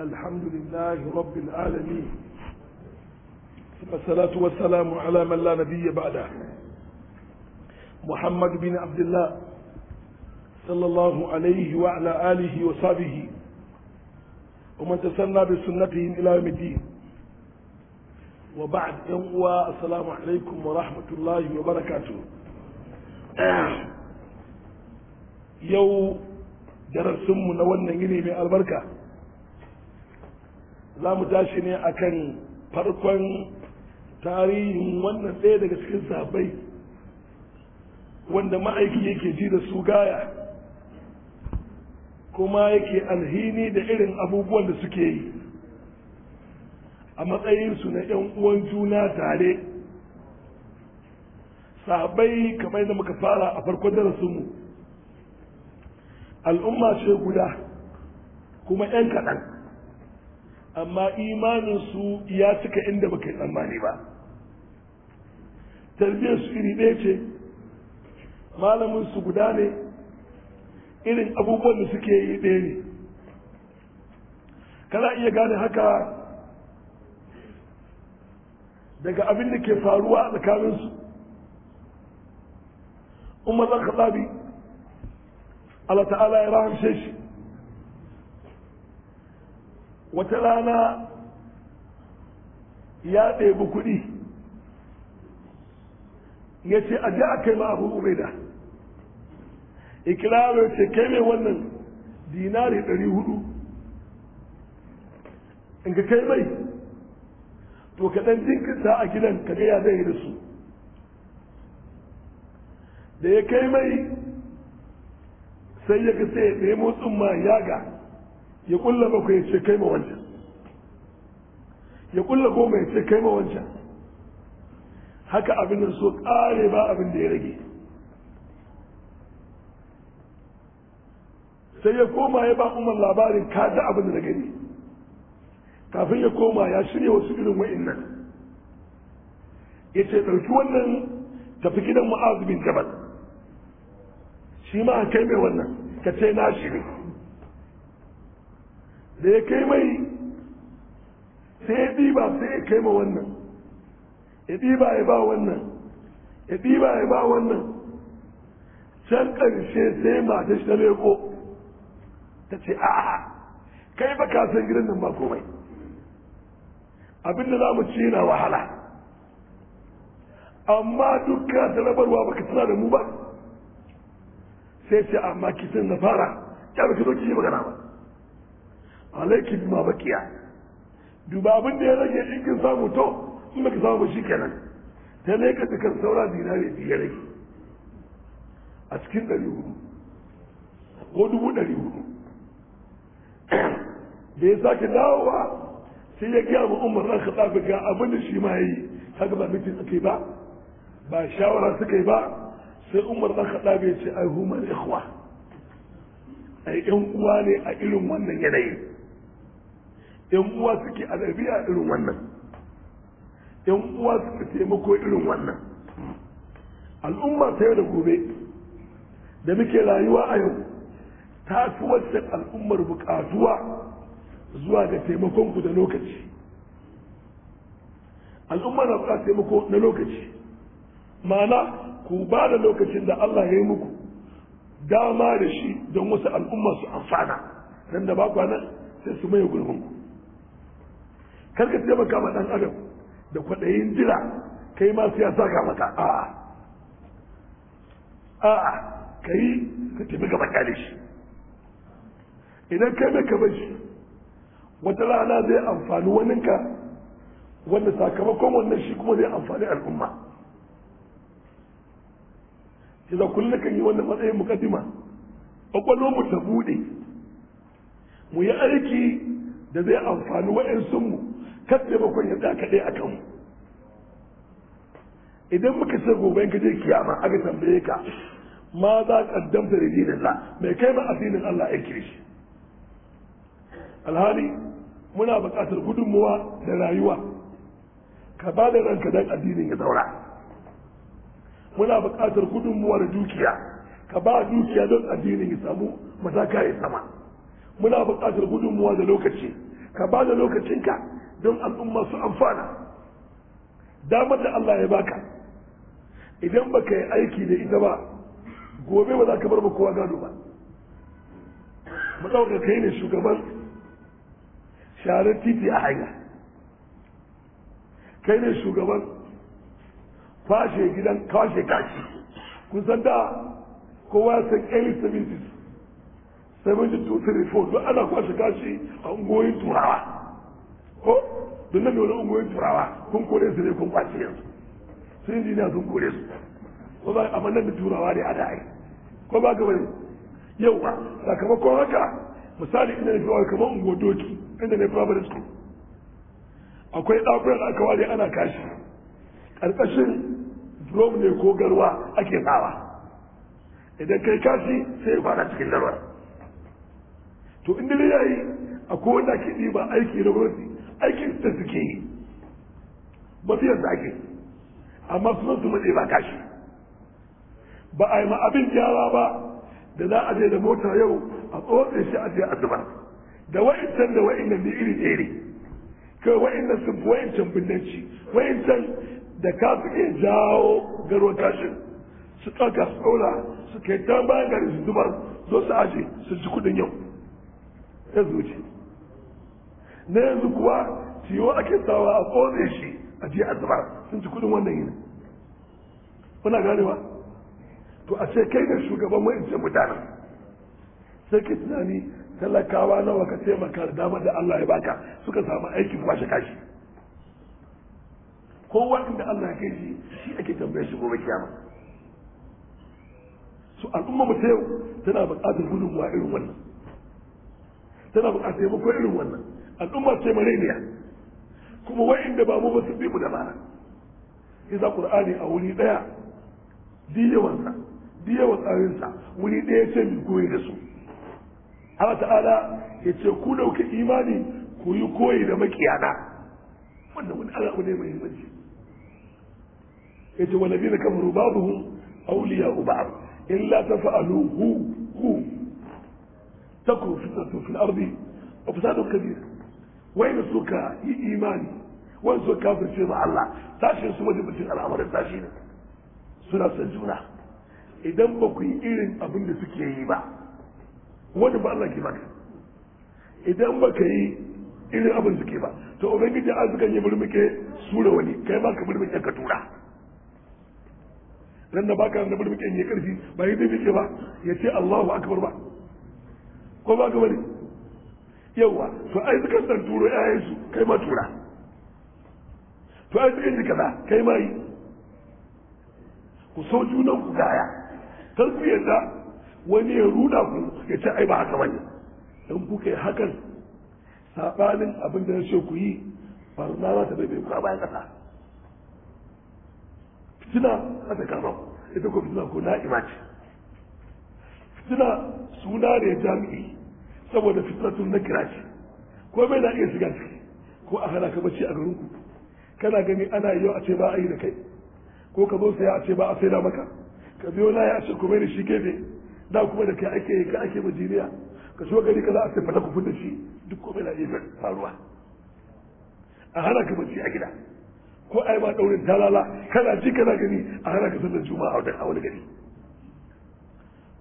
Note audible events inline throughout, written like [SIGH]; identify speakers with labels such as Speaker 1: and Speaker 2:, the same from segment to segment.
Speaker 1: الحمد لله رب العالمين والصلاة والسلام على من لا نبي بعده محمد بن عبد الله صلى الله عليه وعلى آله وصحبه ومن تسنى بسنتهم إلى يوم الدين وبعد يوم السلام عليكم ورحمة الله وبركاته يوم darasinmu na wannan yini mai za mu tashi ne a kan farkon tarihin wannan ɗaya daga cikin sabai wanda ma'aiki yake ji da su gaya kuma yake alhini da irin abubuwan da suke yi a matsayinsu na 'yan uwan juna tare sahabai kamar da muka fara a farkon darasinmu al'umma ce guda kuma 'yan kaɗan amma imanin su ya cika inda baka yi tsammani ba tarbiyyar su iri ɗaya ce malamin su guda ne irin abubuwan da suke yi ɗaya ne kana iya gane haka daga abin da ke faruwa a tsakaninsu umar zan Allah ta'ala ya rahamshe shi wata rana ya ɗebi kuɗi ya ce a ji a kai ma abu da. ikirarar ce kai mai wannan dinari ɗari hudu in ka kai mai to ka ɗan jinkirta a gidan ka ga ya zai da su da ya kai mai sai ya ga sai ya nemo tsumma yaga ya kulla bakwai ya ce kai ma wancan ya kulla goma ya ce kai ma wancan haka abin da so kare ba abin da ya rage sai ya koma ya ba umar labarin kada abin da gani kafin ya koma ya shirya wasu irin wa'in nan ya ce ɗauki wannan tafi gidan mu'azu bin jabal shi ma kai mai wannan ka ce na shi da ya kai mai sai ya ɗiba sai ya kai ma wannan ya ɗiba ya ba wannan ya ɗiba ya ba wannan can ƙarshe sai mata shi ta leko ta ce a kai ba ka san gidan nan ba komai abinda za mu ci na wahala amma dukka ka rabarwa baka tana da mu ba sai ce amma kisan na fara ya baka zo ki magana ba alaiki bima bakiya duba abin da ya rage in kin samu to in baka samu ba shi kenan ta ne ka kan saura dina biyu ya rage a cikin ɗari hudu ko dubu ɗari hudu da ya sake dawowa sai ya gaya ma umar ran ka tsafi ga abin da shi ma ya yi haka ba mutum aka yi ba ba shawara suka yi ba sai umar ran ka tsafi ya ce ai humar ikhwa ai yan uwa ne a irin wannan yanayin yan uwa suke alabiya irin wannan yan uwa suke taimako irin wannan al'umma ta yau da gobe da muke rayuwa a yau ta fi waccan al'ummar bukatuwa zuwa da taimakon ku da lokaci al'umma na bukatar taimako na lokaci mana ku ba da lokacin da Allah ya yi muku dama da shi don wasu al'umma su amfana nan da ba nan sai su maye gurbinku karka taimaka ma dan adam da kwaɗayin jira kai ma sai ya saka maka a'a a kai ka tafi gaba kyale shi idan kai da ka bar shi wata rana zai amfani waninka wanda sakamakon wannan shi kuma zai amfani al'umma idan kullum kan yi wannan matsayin mukaddima akwai mu ta bude mu yi aiki da zai amfani mu. kar taimakon ya tsaya kaɗai a kanmu idan muka ce gobe ka je kiyama aka tambaye ka ma za ka damta da dinin la mai kai ma addinin Allah ya kire alhali muna buƙatar gudunmuwa da rayuwa ka ba da ranka dan addinin ya zaura muna buƙatar gudunmuwa da dukiya ka ba dukiya don addinin ya samu mataka ya sama muna buƙatar gudunmuwa da lokaci ka ba da lokacinka don al'umma su amfana damar da Allah ya baka idan baka yi aiki da ita ba gobe ba za ka bar kowa gado ba mu ɗauka kai ne shugaban sharar titi a hanya kai ne shugaban kwashe gidan kwashe kashi kun san da kowa san 870 72 34 duk ana kwashe kashi a ungoyin turawa ko don nan wani ungoyin turawa kun kore su ne kun kwace yanzu sun yi jiniya sun kore su ko ba amma nan da turawa ne a da'ai ko ba gaba ne yauwa sakamakon haka misali inda na fi kamar ungo doki inda na primary school akwai ɗakunan da aka ware ana kashi ƙarƙashin drum ne ko garwa ake tsawa idan kai kashi sai ya kwana cikin garwa to inda ne yayi akwai wanda ke ɗiba aiki na gwamnati aikin da suke yi ba su yanzu ake amma su su matse ba kashi ba a yi ma abin gyara ba da za a je da mota yau a tsotsin shi a je a zuba da wa'incan da nan da iri ɗaya ne kai wa'innan sun fi wa'incan bindanci wa'incan da ka suke jawo garo kashin su ɗauka su ɗaura su kai ta bayan su zubar zo su aje su ji kuɗin yau ya zuci na yanzu kuwa ciwo ake sawa a kone shi a ji a sun ci kudin wannan yini kuna ganewa to a ce kai da shugaban ce mutane. sai ki tunani talakawa nawa ka taimaka da damar da Allah ya baka suka samu aikin kwashe kashi kowa inda Allah ya kai shi shi ake tambaye shi gobe kiyama su al'umma mu yau tana buƙatar gudunmuwa irin wannan tana buƙatar taimako irin wannan al'umma ce mareniya kuma wa'inda ba mu ba su bi mu da ba Iza qur'ani a wuri daya diyawansa diyawa tsarinsa wuri daya ce mu goyi da su Allah ta'ala ya ce ku dauke imani ku yi koyi da makiyana wannan wani alaƙa ne mai muhimmanci ya ce wani zina kamar babu auliya ba'd illa tafa'aluhu hu takun fitnatun fil ardi wa fasadun kabir wa'inda suka yi imani wa'inda suka kafirce ma Allah tashin su majalisun al'amarin tashi ne suna son juna idan ba ku yi irin abin da suke yi ba wani ba Allah ke maka idan ba ka yi irin abin suke ba to ubangiji arzikan ya murmuke sura wani kai ba ka murmuke ka tura ran da baka da murmuke ya karfi ba yi zai ba ya ce Allahu akbar ba ko ba ka bari. yauwa to ai suka san turo ƴaƴansu kai ma tura to ai suka ji kaza kai ma yi ku so junan ku gaya kar ku yarda wani ya ruda ku ya ce ai ba haka bane in ku yi hakan sabanin abin da na ku yi barna za ta bai ku a bayan kasa fitina za ta ita ko fitina ko na'ima ce fitina suna ne jami'i saboda fitratun na kira ce ko bai na iya shiga ciki ko a hana ka bacci a garinku, kana gani ana yau a ce ba a yi da kai ko ka zo saya a ce ba a saida maka ka biyo na ya ce kuma da shi gefe da kuma da kai ake ka ake majiriya ka shigo gari ka za a ce fata ku da shi duk komai na iya faruwa a hana ka bacci a gida ko ai ba daurin talala kana ji kana gani a hana ka sallar juma'a a wani gari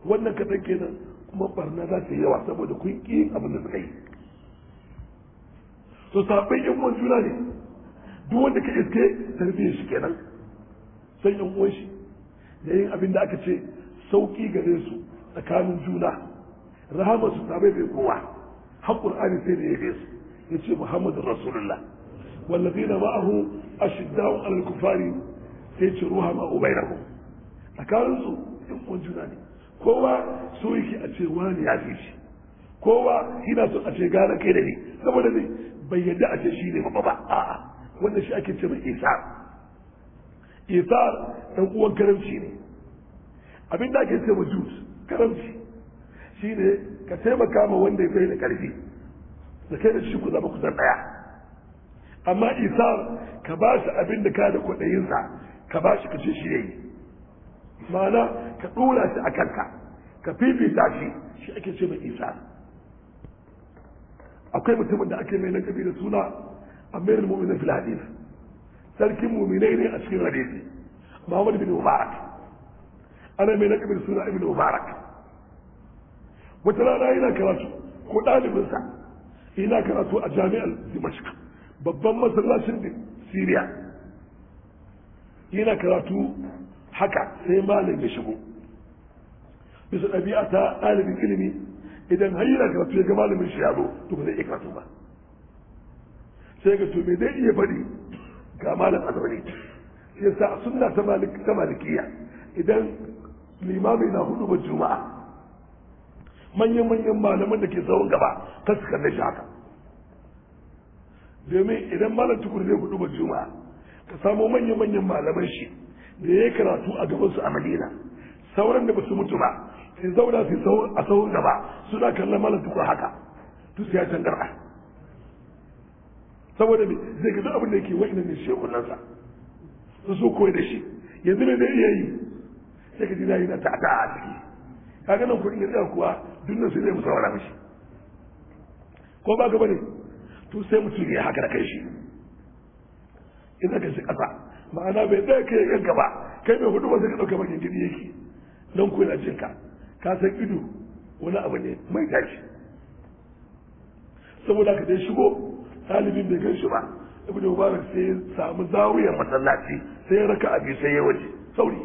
Speaker 1: wannan kaɗan kenan kuma barna za su yi yawa saboda kun ƙi abin da suka yi To saɓin yan uwan juna ne duk wanda ka iske tarbiyyar shi kenan san yan uwan shi da yin abin da aka ce sauƙi gare su tsakanin juna rahamar su sabai bai kowa har qur'ani sai da ya gaisu ya ce muhammadu rasulullah والذين معه a على الكفار sai ci ruha ma Tsakanin tsakaninsu yan uwan juna ne kowa so yake a ce wani ya fi shi kowa yana so a ce gara kai da ni saboda ne bai yadda a ce shi ne ba ba a'a wanda shi ake ce mai isar isar dan uwan karamci ne abin da ake ce ma jus karamci shi ne ka taimaka ma wanda ya kai da karfi da kai da shi ku zama kusan daya amma isa ka ba shi abin da ka da kwaɗayinsa ka ba shi ka ce shi yi. ma'ana ka ɗora shi a kanka ka fifita shi shi ake ce mai isa akwai mutumin da ake mai lakabi da suna amirin mu'minin fil hadith sarkin mu'minai ne a cikin hadisi Muhammad bin Mubarak ana mai lakabi da suna Ibn Mubarak wata rana yana karatu ko ɗalibinsa yana karatu a jami'ar Dimashq babban masallacin Siriya yana karatu haka sai malam ya shigo bisa ɗabi'a ta ɗalibin ilimi idan har yana karatu ya ga malamin shi yaro to ba zai iya karatu ba sai ga to me zai iya faɗi ga malam azabari shi sa sunna ta malikiya idan limami na hudu ba juma'a manyan manyan malaman da ke zaun gaba ta su kalle shi haka domin idan malam tukur zai hudu ba juma'a ka samo manyan manyan malaman shi da ya karatu a gabansu a madina sauran da ba su mutu ba sai zauna su sau a sau gaba suna kallon malam tukur haka to sai ya tangarda saboda me zai ga duk abin da yake wa'ina ne shekunan sa su so koyi da shi yanzu ne zai iya yi sai ka ji yana yi na ta ta a ciki kaga nan kuɗin yanzu kuwa dunnan sai zai musa wala mishi ko ba gaba ne to sai mutum ya haka da kai shi in ka shi ƙasa ma'ana bai ɗaya kai ya gaba kai mai hudu ba sai ka ɗauka maka gidi yake don ku yana jin ka ka san ido wani abu ne mai tashi saboda ka dai shigo ɗalibin bai gan shi ba ibn mubarak sai ya samu zawiyar masallaci sai ya raka biyu sai ya waje sauri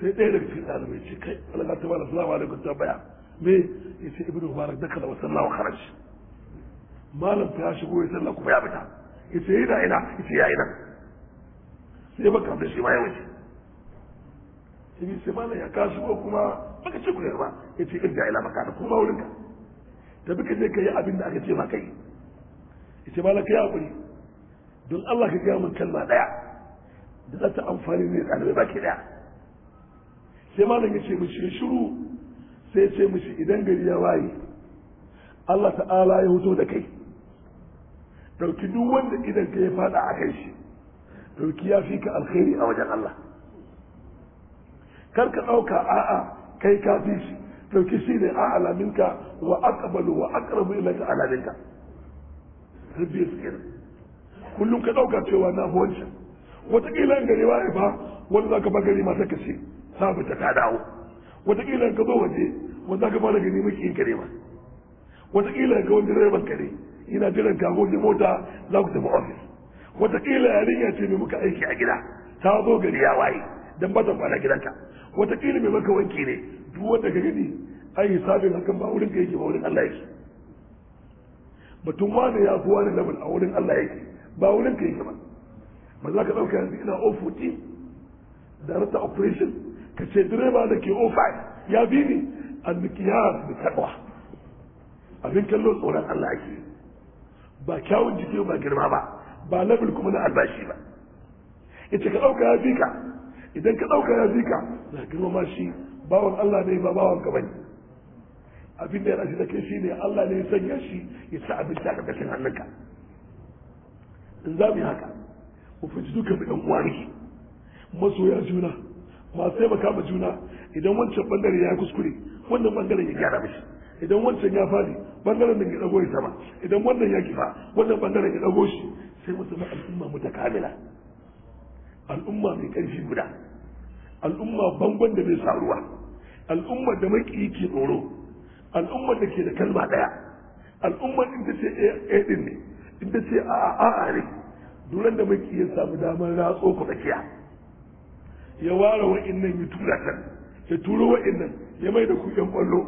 Speaker 1: sai ɗaya daga cikin ɗalibai ce kai alaƙa ta bala salamu alaikum ta baya me ya ce ibn mubarak da kala lawa kharaj malam ta shigo ya sallah kuma ya fita ya ce yana ina ya ce ya ina sai baka kamar shi ma ya wuce ibi sai ma ya kashi ko kuma baka ce ku yarba ya ce in jahila maka da kuma wurinka ta bi ka je ka yi abin da aka ce ma kai ya ce mala ka yi haƙuri don Allah ka gaya mun kalma daya da za ta amfani ne ɗalibai baki daya sai malam ya ce mishi shiru sai ce mishi idan gari ya waye Allah ta'ala ya huto da kai ɗauki duk wanda idan ka ya faɗa a kai shi dauki ya fi ka alkhairi a wajen Allah kar ka ɗauka a'a kai ka fi shi ɗauki shi ne a alaminka wa aqbalu wa aqrabu ilayka alaminka rabbi sikir kullum ka ɗauka cewa na fi wancan wataƙila in gari waye ba wanda za ka ba gari ma ka ce sabu ta dawo wataƙila in ka zo waje wanda za ka ba da gari maki in gari ma wataƙila in ka wani direban gari ina jiran ka gobe mota za ku tafi ofis wataƙila yarinya ce mai muka aiki a gida ta zo gari ya waye dan ba ta kwana gidanka wataƙila mai maka wanki ne duk wanda ka gani ai hisabin hakan ba wurin ka yake ba wurin Allah yake batun wani ya fi wani level a wurin Allah yake ba wurin ka yake ba ba za ka ɗauka yanzu ina O14 da operation ka ce direba da ke o ya bi ni al-mikiyar bi taɓa abin kallo tsoron Allah yake ba kyawun jiki ba girma ba ba labul kuma na albashi ba yace ka dauka ya fika idan ka dauka ya fika na girma shi bawan Allah ne ba bawan ka bane abin da ya rashi da shi ne Allah ne ya sanya shi ya sa abin da ka kashin hannunka in za mu yi haka mu fi duka mu dan uwa masoya juna masu taimaka ma juna idan wancan bangare ya kuskure wannan bangaren ya gyara mishi idan wancan ya fadi bangaren da ya dago ya sama idan wannan ya kifa wannan bangaren ya dago shi sai mu zama al'umma mutakamila al'umma mai ƙarfi guda al'umma bangon da bai saruwa. al'umma da maki ke tsoro al'umma da ke da kalma ɗaya al'umma in ta ce a eh, eh, ɗin ne in ta ce a a ne duran da maki ya samu damar ratso ku tsakiya ya ware wa'innan ya tura kan ya turo wa'innan ya mai da ku ƙwallo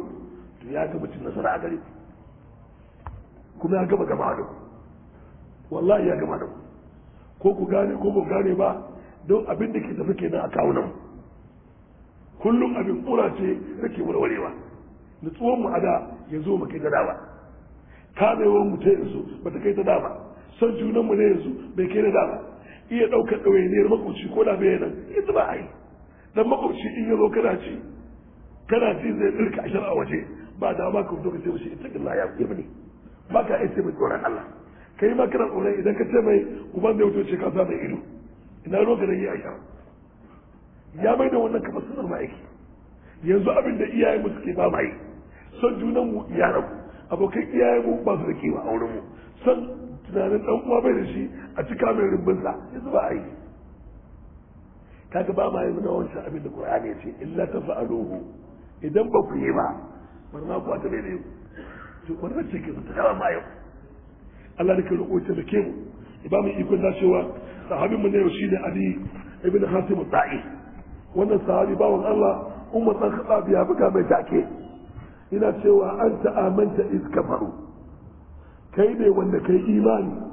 Speaker 1: to ya ga nasara a gare kuma ya gaba da ku wallahi ya gama da ku ko ku gane ko ku gane ba don abin da ke tafi nan a kawunan kullum abin kura ce ke warwarewa nutsuwan mu a da ya zo mu kai ta dama kamewar mu ta yanzu ba ta kai ta dama son junan mu ne yanzu bai kai da dama iya ɗaukar ɗawainiyar makwabci ko da bai nan yanzu ba a yi dan makwabci in ya zo kana ci kana ci zai tsirka a shara waje ba dama ka fito ka ce mashi ita ya ne ba ka aiki mai tsoron Allah kai ma kana tsoron idan ka ce mai uban bai wuce ka sa mai ido ina ruwan ka da yi ya mai da wannan kamar sunan aiki. yanzu abin da iyayen mu suke ba mai son junan mu iyaye mu abokan iyayen mu ba su da kewa a wurin mu son tunanin dan uwa bai da shi a cika mai rumbun sa yanzu ba a yi kaga ba ma yanzu na wancan abin da Qur'ani ya ce illa tafa'aluhu idan ba ku yi ba barna ku ta bai da yau to wannan ce ta ba ma yau Allah nake roƙo ta da ke mu ba mu ikon cewa sahabin mu ne yau shine Ali ibn Hatim Ta'i wannan sahabi bawan Allah Umar san kaba ya buga mai take ina cewa an ta amanta iska kafaru kai ne wanda kai imani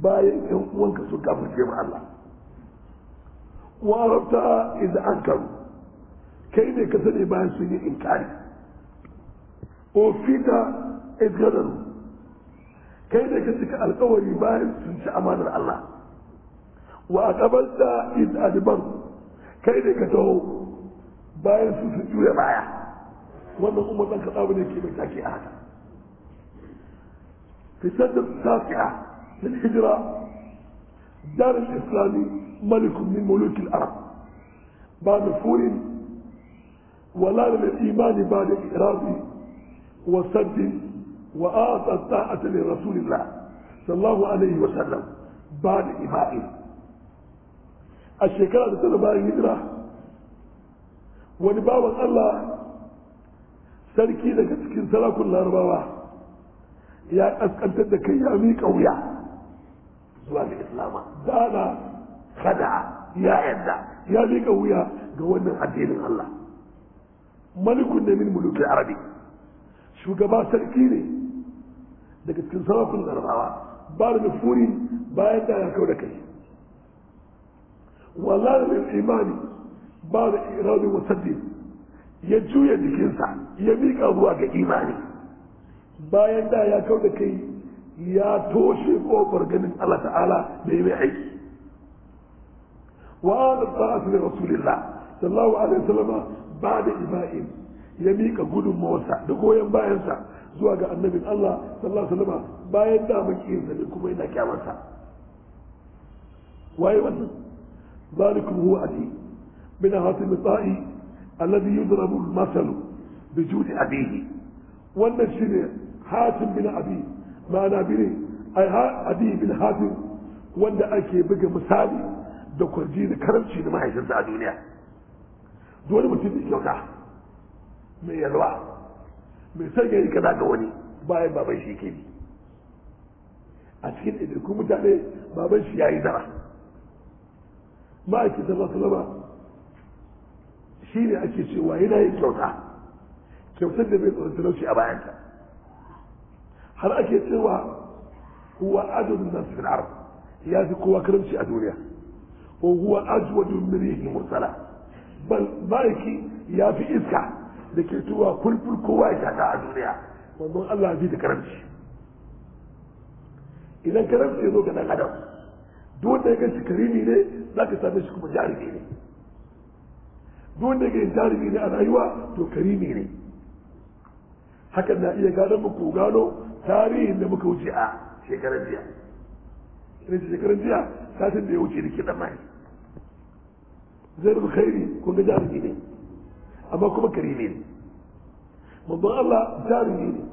Speaker 1: bayan ƴan uwanka sun kafirce ma Allah wa rabta iz ankaru kai ne ka sani bayan sun yi inkari ofita iz gadaru kai ne ka cika alkawari bayan sun ci amanar Allah wa akabalta id adban kai ne ka taho bayan sun ci jure baya wannan kuma dan ka tsabu ne ke mai take a haka fi da safi'a min hijra dar al-islami malik min muluk al-arab ba'd furin ba da بعد إعراضه وسد وأعطى الطاعة لرسول الله صلى a عليه da بعد إمائه الشيكارة تتلو باين هجرة ونباوة الله sarki daga cikin salakun larabawa ya kaskantar da kai ya miƙa wuya zuwa Islam. islama dana kada ya yadda ya miƙa wuya ga wannan addinin Allah malikun ne min mulukin arabi shugaba sarki ne daga cikin sarakun larabawa ba da nufuri bayan da ya kau da kai da mai imani ba da irami wasaddi ya juya jikinsa ya miƙa zuwa ga imani bayan da ya kau da kai ya toshe kofar ganin Allah ta'ala da ya mai aiki wa da ta'atu rasulillah sallallahu alaihi wasallama ba da ibrahim ya miƙa gudunmawarsa da goyon bayansa zuwa ga annabin Allah sallallahu alaihi wasallam bayan da makiyinsa ne kuma yana kyamarsa waye wannan zalikum huwa adi min hatim ta'i alladhi yudrabu al-masal bi judi abihi wannan shine hatim bin abi ma'ana bire ai adi bin hatim wanda ake buga misali da kwarji da karamci da mahaifinsa a duniya dole mutum ya kyauta mai yalwa mai son yayi kaza ga wani bayan baban shi ke bi a cikin ɗaiɗaikun mutane baban shi ya yi zara ma'aikin zama salama shi ne ake cewa yana yin kyauta kyautar da bai tsoron talauci a bayanta har ake cewa huwa adun na sinar ya fi kowa karamci a duniya ko huwa ajwadu min rihin mursala ma'aiki ya fi iska da ke tuwa kulkul kowa ya shata a duniya wannan Allah bi da karamci idan karamci ya zo ga dan adam duk wanda ya ga shi karimi ne za ka same shi kuma jarumi ne duk wanda ya ga jarumi ne a rayuwa to karimi ne hakan na iya gano muku gano tarihin da muka wuce a shekarar jiya shekarar jiya satin da ya wuce da kiɗan mai zai da khairi kun ga jarumi ne amma kuma karime ne babban Allah jarumi ne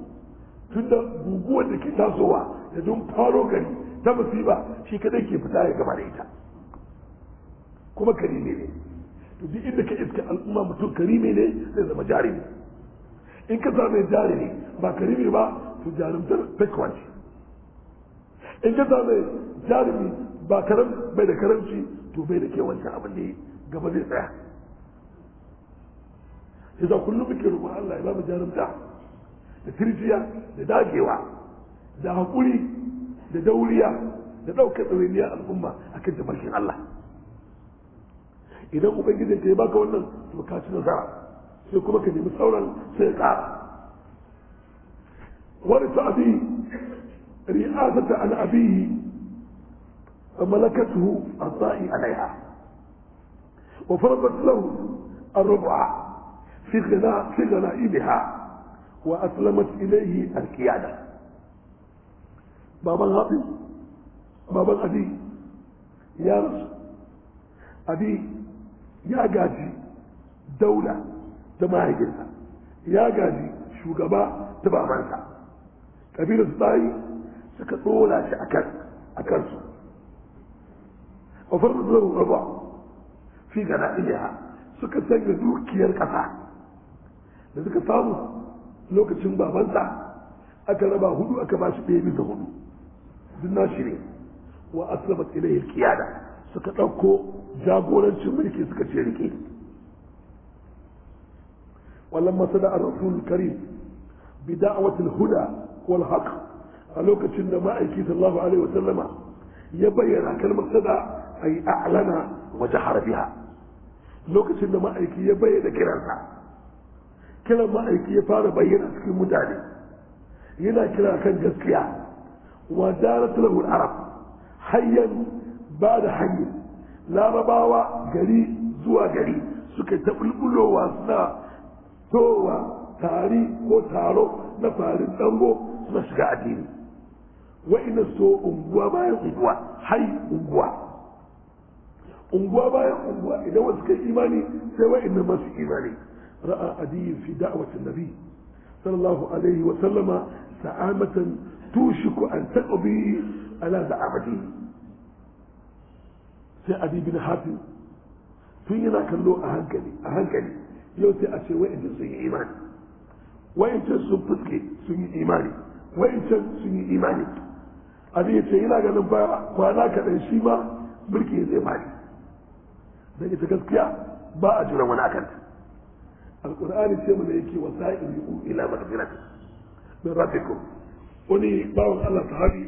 Speaker 1: tun da guguwar da ke tasowa da don faro gari ta musiba shi kadai ke fita ya gaba da ita kuma karime ne to duk inda ka iska al'umma mutum karime ne zai zama jarumi in ka zama jarumi ba karime ba to jarumtar fakwa in ka zama jarumi ba karam bai da karamci to bai da kewancin abin da gaba zai tsaya yasa kullum muke roƙon Allah ya ba jarumta da tirjiya da dagewa da haƙuri da dauriya da ɗaukar ɗawainiyar al'umma akan tafarkin Allah idan ubangijin ka ya baka wannan to ka ci nasara sai kuma ka nemi sauran sai ka wani ta'abi ri'azata an abihi a الضائي عليها وفرضت له الربع في غناء في غنائمها وأسلمت إليه القيادة بابا غابي بابا أبي يا رسول أبي يا قاجي دولة جماهيرها يا قاجي شو قبا تبع مانسا كبير الصباي سكتولا شأكل أكلسو وفرض له الربع في غنائمها suka sanya dukiyar ƙasa da suka samu lokacin babansa aka raba hudu aka ba shi ɗaya da hudu duk na shi ne wa aslamat ilayhi qiyada suka ɗauko jagorancin mulki suka ce rike wallan masana a rasul karim bi da'awatul huda wal haq a lokacin da ma'aiki sallallahu alaihi wa sallama ya bayyana kalmar sada ay a'lana wa jahara biha lokacin da ma'aiki ya bayyana kiransa kiran ma'aiki ya fara bayyana cikin mutane yana kira kan gaskiya wa darat arab hayyan ba da hanyar larabawa gari zuwa gari suka ta bulbulowa suna towa tari ko taro na farin dango suna shiga addini wa'ina so unguwa bayan unguwa hai unguwa unguwa bayan unguwa idan wasu kai imani sai wa'ina masu imani رأى أبي في دعوة النبي صلى الله عليه وسلم سعامة توشك أن تقضي على زعامته sai abi bin hatim tun yana kallo a hankali a hankali yau sai a ce wa'ancin sun yi imani wa'ancin sun fuske sun yi imani wa'ancin sun yi imani abin ce yana ganin ba kwana kaɗan shi ma birki zai mari daga ta gaskiya ba a jiran wani akanta alqur'ani ce mana yake wasa'ilu ila magfirati min rabbikum wani bawon Allah sahabi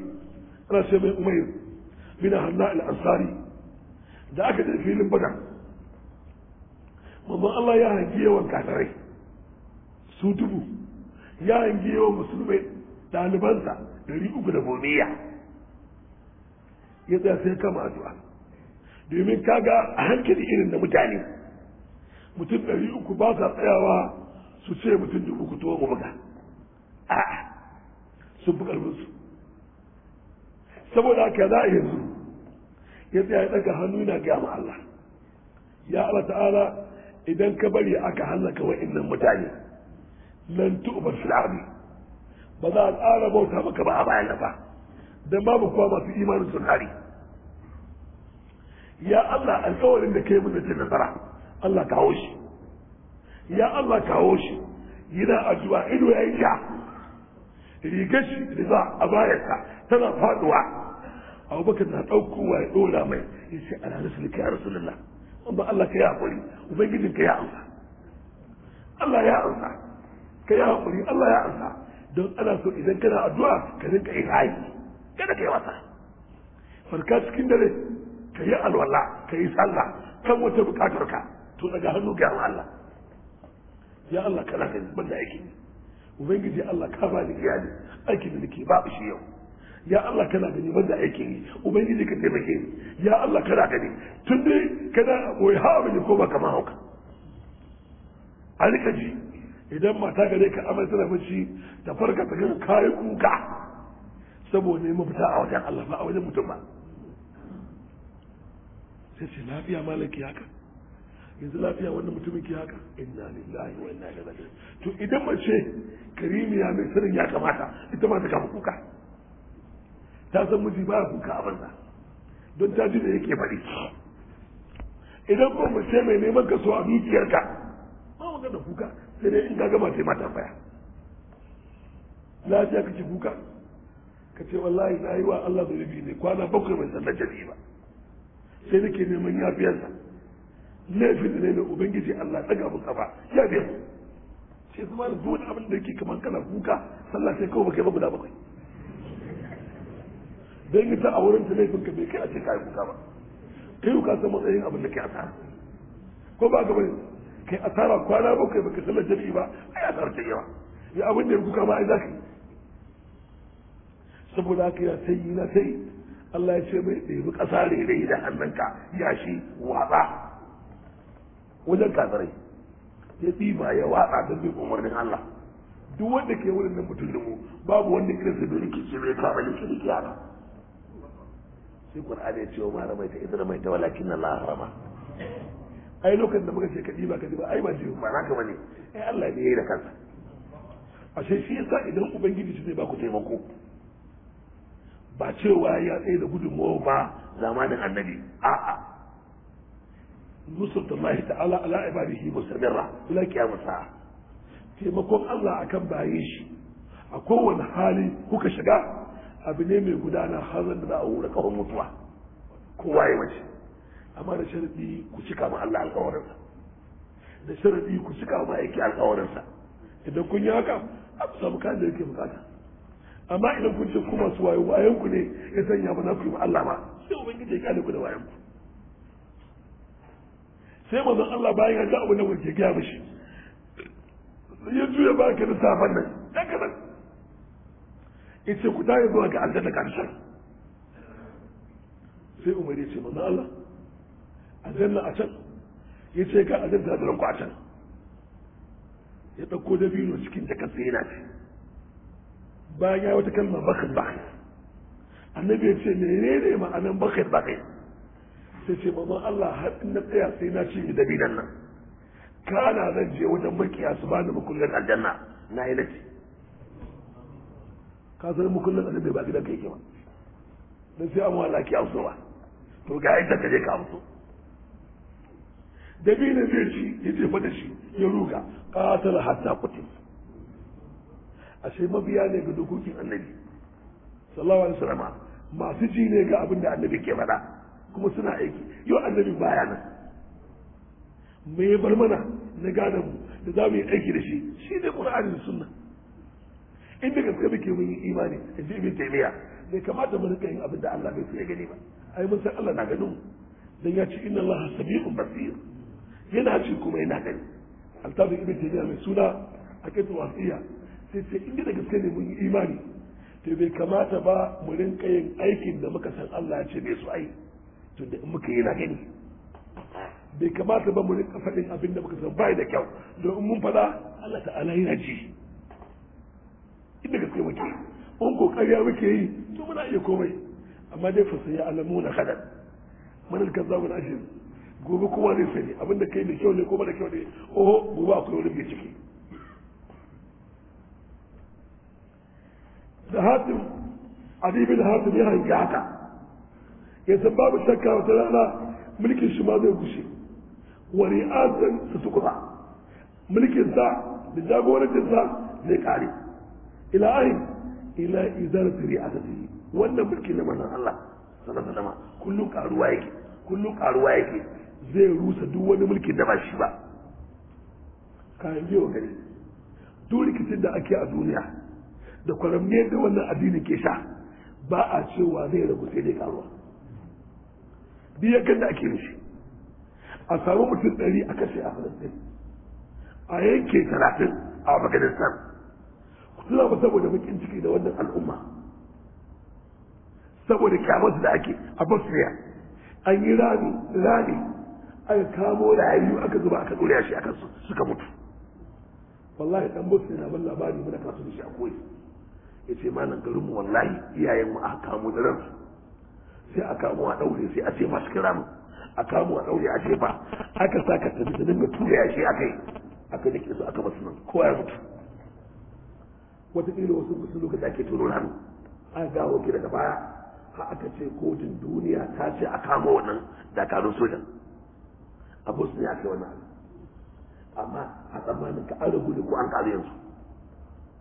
Speaker 1: ana ce mai umair bin hanna al-ansari da aka je filin badar manzon Allah ya hangi yawan kafirai su dubu ya hangi yawan musulmai ɗalibansa ɗari uku da gomiya ya tsaya sai kama addu'a domin kaga a hankali irin na mutane mutum ɗari uku ba sa tsayawa su ce mutum dubu ku tuwo a'a sun fi ƙarfinsu saboda haka za a yanzu ya tsaya ya hannu yana gaya ma Allah ya Allah ta'ala idan ka bari aka hallaka wa'annan mutane lan tu'bar fil ba za a tsara bauta maka ba a bayan ba dan babu kuwa masu imanin sun hari ya Allah alƙawarin da kai mun da nasara Allah kawo shi ya Allah kawo shi yana addu'a ido ya yi ja rigar shi da za a bayarsa tana faduwa baka na wa ya ɗora mai ya ce ala ranar ka ya rasulullah ba Allah ka yi haƙuri ubangijin ka ya amsa Allah ya amsa ka yi haƙuri Allah ya amsa don ana so idan kana addu'a ka rinka yi hayi kada ka yi wasa farka cikin dare ka yi alwala ka yi sallah kan wata bukatarka to daga hannu ga Allah ya Allah kana ka ban da aikin ubangiji Allah ka ba ni iyali aikin da nake ba shi yau ya Allah kana gani ban banda yake yi ubangiji ka taimake ni ya Allah kana ni tun dai kana wai hawa ne ko ba kamar hauka alika ji idan mata gare ka amai tana mace ta farka ta gani kayi kuka saboda ne mafita a wajen Allah ba a wajen mutum ba sai ce lafiya malaki haka yanzu lafiya wannan mutumin ki haka inna lillahi wa inna ilaihi raji'un to idan mace karimiya mai sirrin ya kamata ita ma ta kama kuka ta san miji ba kuka a banza don ta ji da yake bari, idan ba mace mai neman kaso a dukiyarka ba mu da kuka sai dai in ka gama sai mata baya lafiya kake kuka ka ce wallahi na yi wa Allah zulubi ne kwana bakwai mai sallar jami'a ba sai nake neman yafiyarsa laifin ne na ubangiji Allah daga abun kafa ya biya mu sai kuma duk wani abin da yake kamar kana kuka sallah sai kawai baka ba guda bakwai dan ita a wurin ta laifin ka bai kai a ce kai kuka ba kai kuka san matsayin abin da kai asara ko ba ka bane kai asara kwana bakwai baka sallar jami'i ba ai asara ta yawa ya abin da ya kuka ma ai za saboda haka ya sai na sai Allah ya ce mai ɗebi ƙasa rere da hannunka yashi watsa wajen kafirai ya ba ya watsa don bin umarnin Allah duk wanda ke wurin nan mutum da mu babu wanda irin sa bai rikici bai kama liki liki haka sai Qur'an ya ce wa mara mai ta idan mai ta walakin na harama ai lokacin da muka ce ka diba ka diba ai ba jiyo ba na naka bane ai Allah ne ya yi da kansa ashe shi yasa idan ubangiji shi zai ba ku taimako ba cewa ya tsaye da gudunmawa ba zamanin annabi a'a ta نصرة الله تعالى على عباده مستمرة إلى قيام الساعة taimakon Allah akan baye shi a kowane hali kuka shiga abu ne mai gudana hazan da za a wura kahon mutuwa kowa ya mace amma da sharadi ku cika ma Allah alƙawarinsa da sharadi ku cika ma aiki alƙawarinsa idan kun yi haka abu samu kan da yake bukata amma idan kun ce kuma su wayo wayan ku ne ya sanya ba na ku yi ma Allah ba sai ubangiji ya kale ku da wayan ku sai manzon Allah bayan ya ga abu na wuce gaya mishi ya juya ba ka da safan nan dan kadan yace ku dai zuwa ga Allah da karshen sai umari ya ce manzon Allah aljanna a can yace a aljanna da ku a can ya dauko da dabino cikin jakar sai yana ci bayan ya wata kalma bakin bakin annabi ya ce menene ma'anan bakin bakin sai ce mama Allah har in na tsaya sai na cinye dabinan nan kana zan je wajen makiya su bani mukullin aljanna na yi nace ka san mukullin aljanna ba gidan kai ke ba dan sai amma Allah ki amso ba to ga yadda ka je ka amso dabinan zai ci ya jefa da shi ya ruga qatal hatta qutil ashe mabiya ne ga dokokin annabi sallallahu alaihi wasallam masu ji ne ga abin da annabi ke faɗa kuma suna aiki yau annabi baya nan me ya bar mana na gadon mu da za mu yi aiki da shi shi ne qur'ani da sunna in da gaske muke mun yi imani a ji taimiya bai kamata mu rika yin abin da Allah bai so ya gani ba ai mun san Allah na ganin mu dan ya ce inna Allah sami'un basir yana ci kuma yana gani altabi ibn taimiya mai suna a akatu wasiya sai sai inda da gaske ne mun yi imani to bai kamata ba mu rinka yin aikin da muka san Allah ya ce bai su ai to da muka yi na gani bai kamata ba mu rinka faɗin abin da muka san bai da kyau domin mun faɗa Allah ta'ala yana ji inda gaske muke in kokari muke yi to muna iya komai amma dai fa sai ya alamu na kadan mun rinka zamu na shi gobe kowa zai sani abin da kai da kyau ne ko ba da kyau ne oho gobe akwai wani mai ciki da hatim adibin hatim ya hangi haka ya san babu shakka wata rana mulkin shi ma zai gushe wa ri'atan su sukuta mulkin sa da jagorancin sa zai kare ila ayin ila izarati ri'atati wannan mulki na manzon Allah sallallahu alaihi wasallam kullun karuwa yake kullun karuwa yake zai rusa duk wani mulki da ba shi ba kayan biyo gari duk rikicin da ake a duniya da kwaramniyar da wannan addini ke sha ba a cewa zai ragu sai dai karuwa biyakan da ake da a samu mutum ɗari a kashe a falastin a yanke talatin a afghanistan ku tuna ba saboda bakin ciki da wannan al'umma saboda kyamarsu da ake a bosnia an yi rami rami an kamo rayu aka zuba aka ɗore shi aka suka mutu wallahi dan bosnia na ban labari muna kasu da shi a koyi ya ce ma nan garinmu wallahi iyayenmu aka kamo da ransu sai a kamo a ɗaure sai a ce masu kiram a kamo a ɗaure a ce ba aka sa ka tafi ta dinga tura ya shi akai aka dake su aka basu nan kowa ya mutu wataƙila wasu wasu lokaci ake tono hannu a gawo ki daga baya har aka ce kotun duniya ta ce a kama wannan dakarun sojan a ne aka yi wannan amma a tsammanin ka an rabu da ko an ƙaru yanzu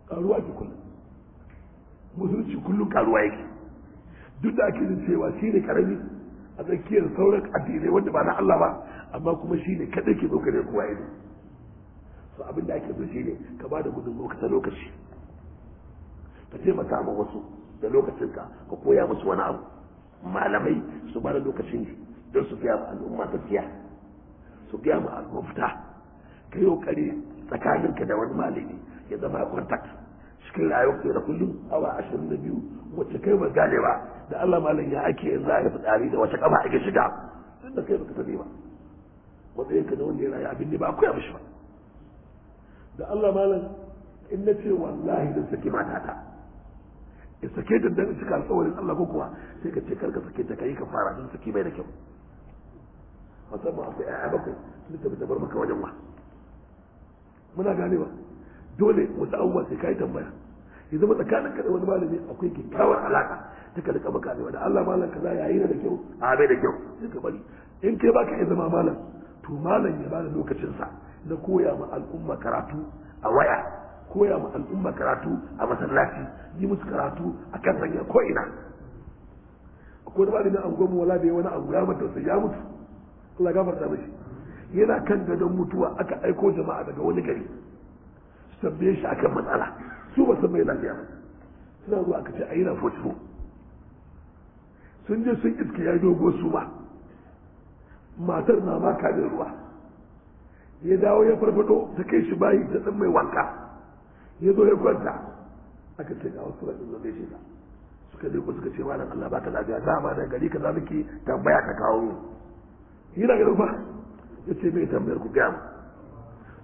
Speaker 1: ƙaruwa ke kullum musulunci kullum ƙaruwa yake duk da ake cewa shi ne karami a tsakiyar sauran addinai wanda ba na Allah ba amma kuma shi ne kaɗai ke ɗaukar da kowa ne so abin da ake so shi ne ka ba da gudun lokaci lokaci ka mata ma wasu da lokacinka ka koya musu wani abu malamai su ba da lokacin don su gaya ma al'umma tafiya su gaya ma al'umma ka yi kokari tsakaninka da wani malami ya zama kwantak cikin rayuwar da kullum awa ashirin da biyu wacce kai ba gane ba da Allah malam ya ake yin za a yi fitsari da wace kafa ake shiga duk da kai baka sani ba wanda yanka da wanda ya rayu abin ne ba akwai mishi ba da Allah malam in na ce wallahi da sake matata in sake da dan cika alƙawarin Allah ko kuwa sai ka ce karka sake ta kai ka fara dan sake bai da kyau musamman akwai ƴaƴa bakwai sun tafi bar maka wajen wa muna ganewa dole wasu abubuwa sai ka yi tambaya ya zama tsakanin kada da wani malami akwai kyakkyawar alaka ta ka rika maka da Allah malam kaza yayi da kyau a bai da kyau sai ka bari in kai baka iya zama malam to malam ya bada lokacin sa na koya ma al'umma karatu a waya koya ma al'umma karatu a masallaci yi musu karatu a kan ko ina akwai wani malamin anguwanmu wala bai wani abu ya mutu ya mutu Allah gafarta mishi yana kan gadon mutuwa aka aiko jama'a daga wani gari sabbe shi akan matsala su ba san mai lafiya ba suna zuwa aka ce a yi na fosfo sun je sun iske ya dogo su ba matar na maka da ruwa ya dawo ya farfado ta kai shi bayi ta ɗan mai wanka ya zo ya kwanta aka ce ga wasu rajin zai shi suka ko suka ce malam Allah baka lafiya ma da gari kaza muke tambaya ka kawo mu yana ga rufa ya ce mai tambayar ku gaya mu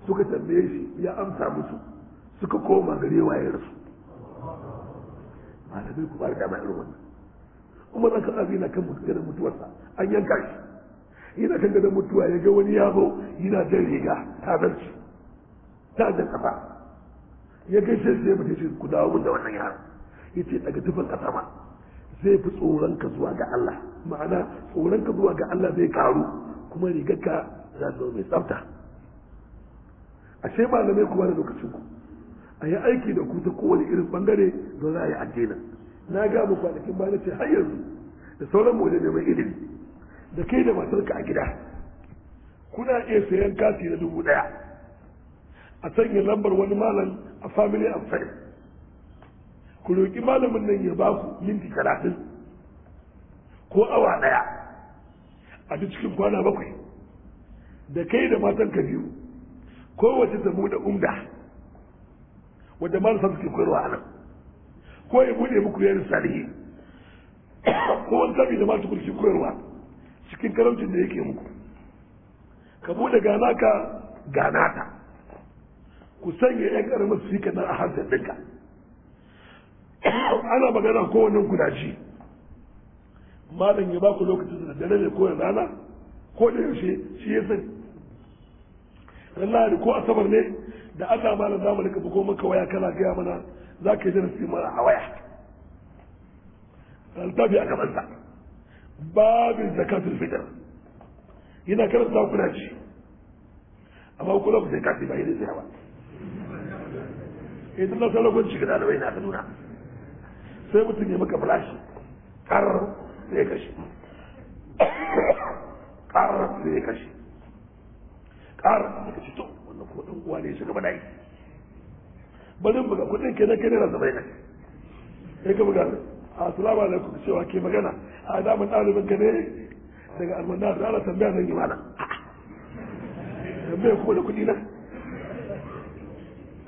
Speaker 1: suka tambaye shi ya amsa musu suka koma gare waye rasu malamai ku ba da dama irin wannan umar ɗan kaɗa yana kan gadon mutuwarsa an yanka shi Ina kan gadon mutuwa ya ga wani yabo yana jan riga ta zarci ta jan kafa ya gaishe shi mutum shi ku dawo mun da wannan yaro ya ce daga tufan ƙasa ma zai fi tsoron ka zuwa ga Allah ma'ana tsoron ka zuwa ga Allah zai karu kuma rigarka ka za ta mai tsafta ashe malamai kuma da lokacin a yi aiki da ku ta kowane irin bangare don za a yi addinin na ga mu kwanakin ba ce har yanzu da sauran mu neman ilimi da kai da matarka a gida kuna iya sayan kati na dubu daya a sanya lambar wani malam a family affair ku roƙi malamin nan ya ba ku minti talatin ko awa daya a duk cikin kwana bakwai da kai da matan ka biyu kowace ta buɗe umda wanda marasa suke koyarwa a nan ko ya bude muku yari salihi ko wani sami da masu kulki koyarwa cikin karamcin da yake muku ka bude gana ka gana ta ku sanya yan karamin su yi a harshen ɗinka ana magana kowannen kudaci malam ya baku lokacin da dare ne ko rana ko da yaushe shi ya sani ran lahadi ko asabar ne da Allah ba na zamani ka bugo maka waya kana gaya mana za ka yi su mara a waya littafi a gabansa babin zakatul fitr yana karanta ku ci amma kula ku sai kafi ba yi zai hawa idan na salakon ci gida da wai na ka nuna sai mutum ya maka flashi Kar sai ya kashe Kar sai ya kashe Kar sai ya kashe to maka ko ɗan uwa ne shiga bala'i bari buga kuɗin ke na kai naira saba'in ka buga assalamu alaikum cewa ke magana a daman ɗalibin ka ne daga almanda da ala tambaya zan yi mana tambaya ko da kuɗi na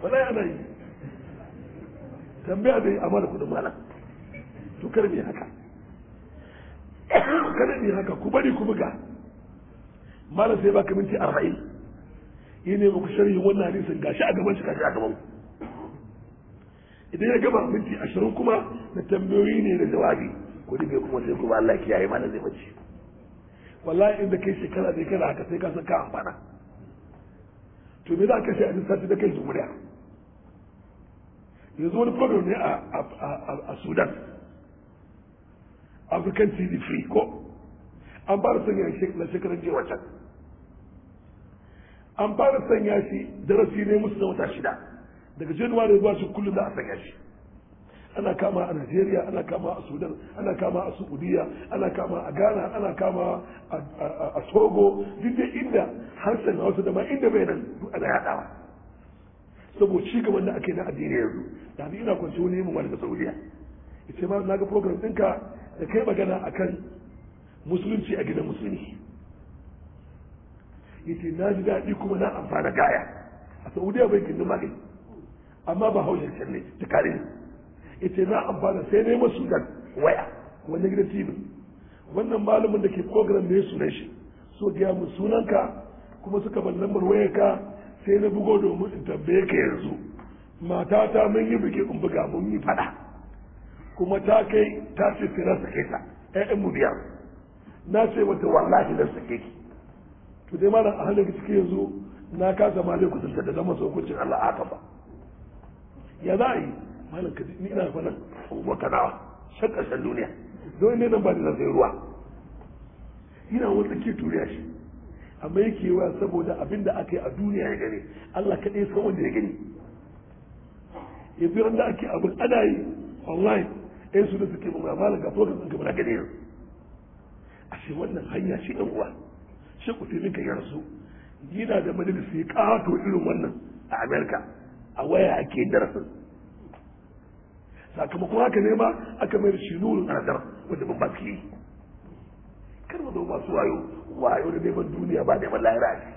Speaker 1: wala ana yi tambaya da yi amana kuɗin mana to kar mai haka kada ne haka ku bari ku buga malam sai ka minti arba'in yi ne muku sharhi wannan hadisin gashi a gaban shi gashi a gaban idan ya gama minti ashirin kuma na tambayoyi ne da jawabi ku dinga kuma sai ku ba Allah kiyaye mana zai bace wallahi inda kai shekara da kana haka sai ka san ka amfana to me za ka shi a sati da kai jumuriya yanzu wani program ne a sudan african tv free ko an fara sanya na shekarar jiya an fara sanya shi darasi ne musu na wata shida daga januwari zuwa shi kullum za a sanya shi ana kama a Najeriya ana kama a Sudan ana kama a Saudiya ana kama a Ghana ana kama a Togo duk inda harshen Hausa da ma inda bai nan duk ana yadawa saboda ci gaban da ake na addini yanzu da ina kwanci wani mu daga Saudiya ita ma na ga program ɗinka da kai magana akan musulunci a gidan musulmi yace na ji daɗi kuma na amfana gaya a saudiya bai gindin magani amma ba haushin can ne ta kare ne yace na amfana sai ne masu da waya wanda gida tv wannan malamin da ke program ne sunan shi so gaya mun sunanka kuma suka bar lambar wayar ka sai na bugo domin in tambaye ka yanzu matata mun yi biki in buga mun yi fada kuma ta kai ta ce sai sake ta ƴaƴan mu biyar na ce wata wallahi na sake ki to dai malam a da suke yanzu na kasa ma zai kusanta da zama sokuncin Allah aka ba ya za a yi malam ka ni ina fa nan ka nawa shakka shan duniya don ne nan ba da zai ruwa ina wata ke turiya shi amma yake wa saboda abin da aka yi a duniya ya gani Allah kaɗai san wanda ya gani yanzu da ake abin ana yi online ɗaya su da suke mamala ga program ɗin gaba na gani yanzu a shi wannan hanya shi ɗan uwa ku tuni ka ya rasu yana da majalisi kato irin wannan a amerika a waya ake darasin sakamakon haka ne ma aka mai shi a dar wanda ban ba yi kar mu zama masu wayo wayo da neman duniya ba neman lahira ne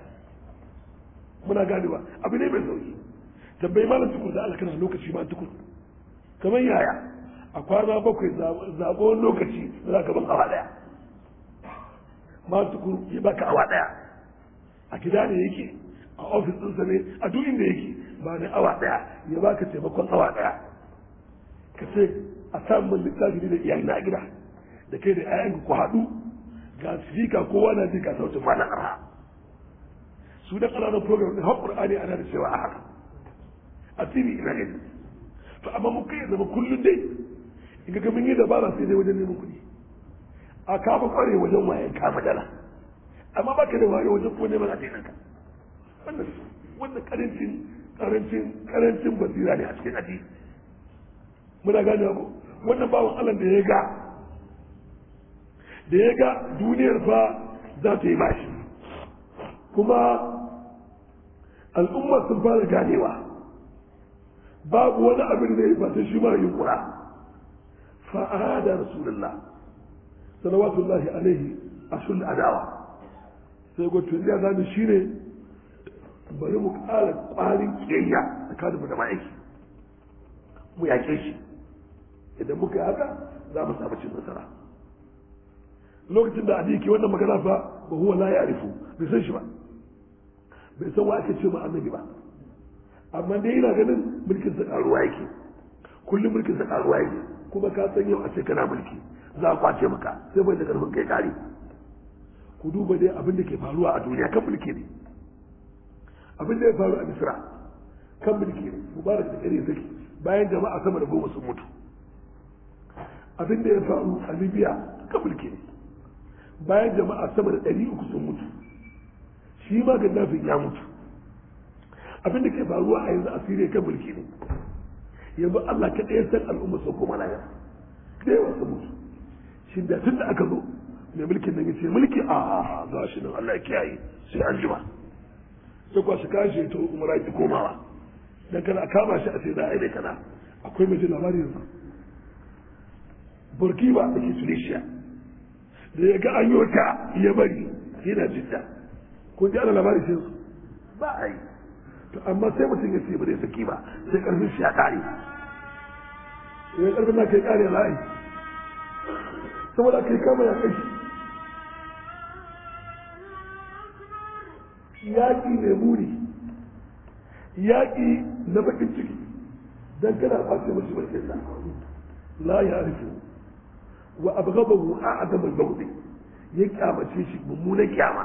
Speaker 1: muna ganewa abu ne mai sauki tabbai malam tukur da alkana lokaci ma tukun kamar yaya a kwana bakwai zaɓo lokaci za ka ban awa daya ma tukuru ya baka awa daya a gida ne yake a ofis ɗinsa ne a duk inda yake ba ne awa daya ya baka taimakon awa daya ka ce a samun littafi da iyali na gida da kai da ayan ku haɗu ga sifika kowa na ji ka sautin malam ara su da ƙananan program ɗin har ane ana da cewa a haka a tiri ina gani to amma mu kai zama kullum dai in ga mun yi dabara sai dai wajen neman kuɗi a kafa kware wajen waye kafa madara amma baka da waye wajen kuma neman addinin ka wannan wannan karancin karancin karancin basira ne a cikin addini muna gane ko wannan bawon Allah da ya ga da ya ga duniyar fa za ta yi bashi kuma al'umma sun fara ganewa babu wani abin da ya fata shi ma yunkura fa'ada rasulullah salawatullahi alaihi a sun adawa sai gwatun ya zami shi ne bari mu ƙara ƙwarin ƙiyayya a kada mu da ma'aiki mu yaƙe shi idan muka yi haka za mu samu cin nasara lokacin da adiki wannan magana fa ba huwa la ya'rifu bai san shi ba bai san wa ake ce ma annabi ba amma dai ina ganin mulkin sa karuwa yake kullum mulkin sa karuwa yake kuma ka san yau a ce kana mulki za a kwace maka sai bai da karfin kai kare ku duba dai abin da ke faruwa a duniya kan mulki ne abin da ya faru a misra kan mulki ne mubarak da kare saki bayan jama'a sama da goma sun mutu abin da ya faru a libya kan mulki ne bayan jama'a sama da ɗari uku sun mutu shi ma gaddafin ya mutu abin da ke faruwa a yanzu a siriya kan mulki ne yanzu allah kaɗai ya san al'umma sau kuma na yau ɗaya wasu mutu shi da tun da aka zo mai mulkin nan yace mulki a ga shi nan Allah ya kiyaye sai an jima sai kwa shi kashi ya umara ki komawa dan kana kama shi a sai za a yi mai kana akwai mai jin labari yanzu burkiba da ke tunisia da ya ga an yi wata ya bari yana jidda ko ji ana labari sai su ba a yi to amma sai mutum ya ce ba zai saki ba sai karfin shi ya kare sai karfin na kai kare la'ayi saboda aka yi kama ya shi yaƙi mai muni yaƙi na bakin ciki don kana face mashi bakin sa la ya rufe wa abu mu a adamul bauɗi ya kyamace shi mummunan kyama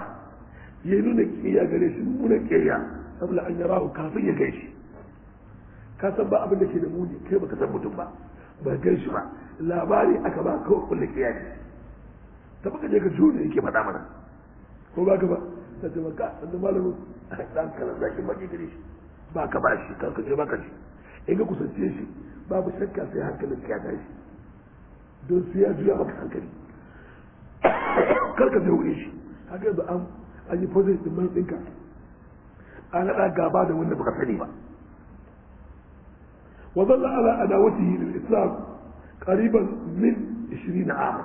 Speaker 1: ya nuna kiyaya gare shi mummunan kiyya saboda an yara kafin ya gaishe kasan ba abin da ke da muni kai baka san mutum ba ba gaishe ba labari aka ba kawai kulle kiyami ta baka je ka jure yake faɗa mana ko ba ka ba ta ce maka sannan malamin ɗan kalan zaki baki gare shi ba ka ba shi kan ka je baka shi in ka kusance shi babu shakka sai hankalin ka ya tashi don sai ya juya maka hankali [COUGHS] kar ka je shi haka yanzu an an yi positive din mai ɗinka an haɗa gaba da wanda baka sani ba wa zalla ala adawatihi lil islam qariban min 20 ama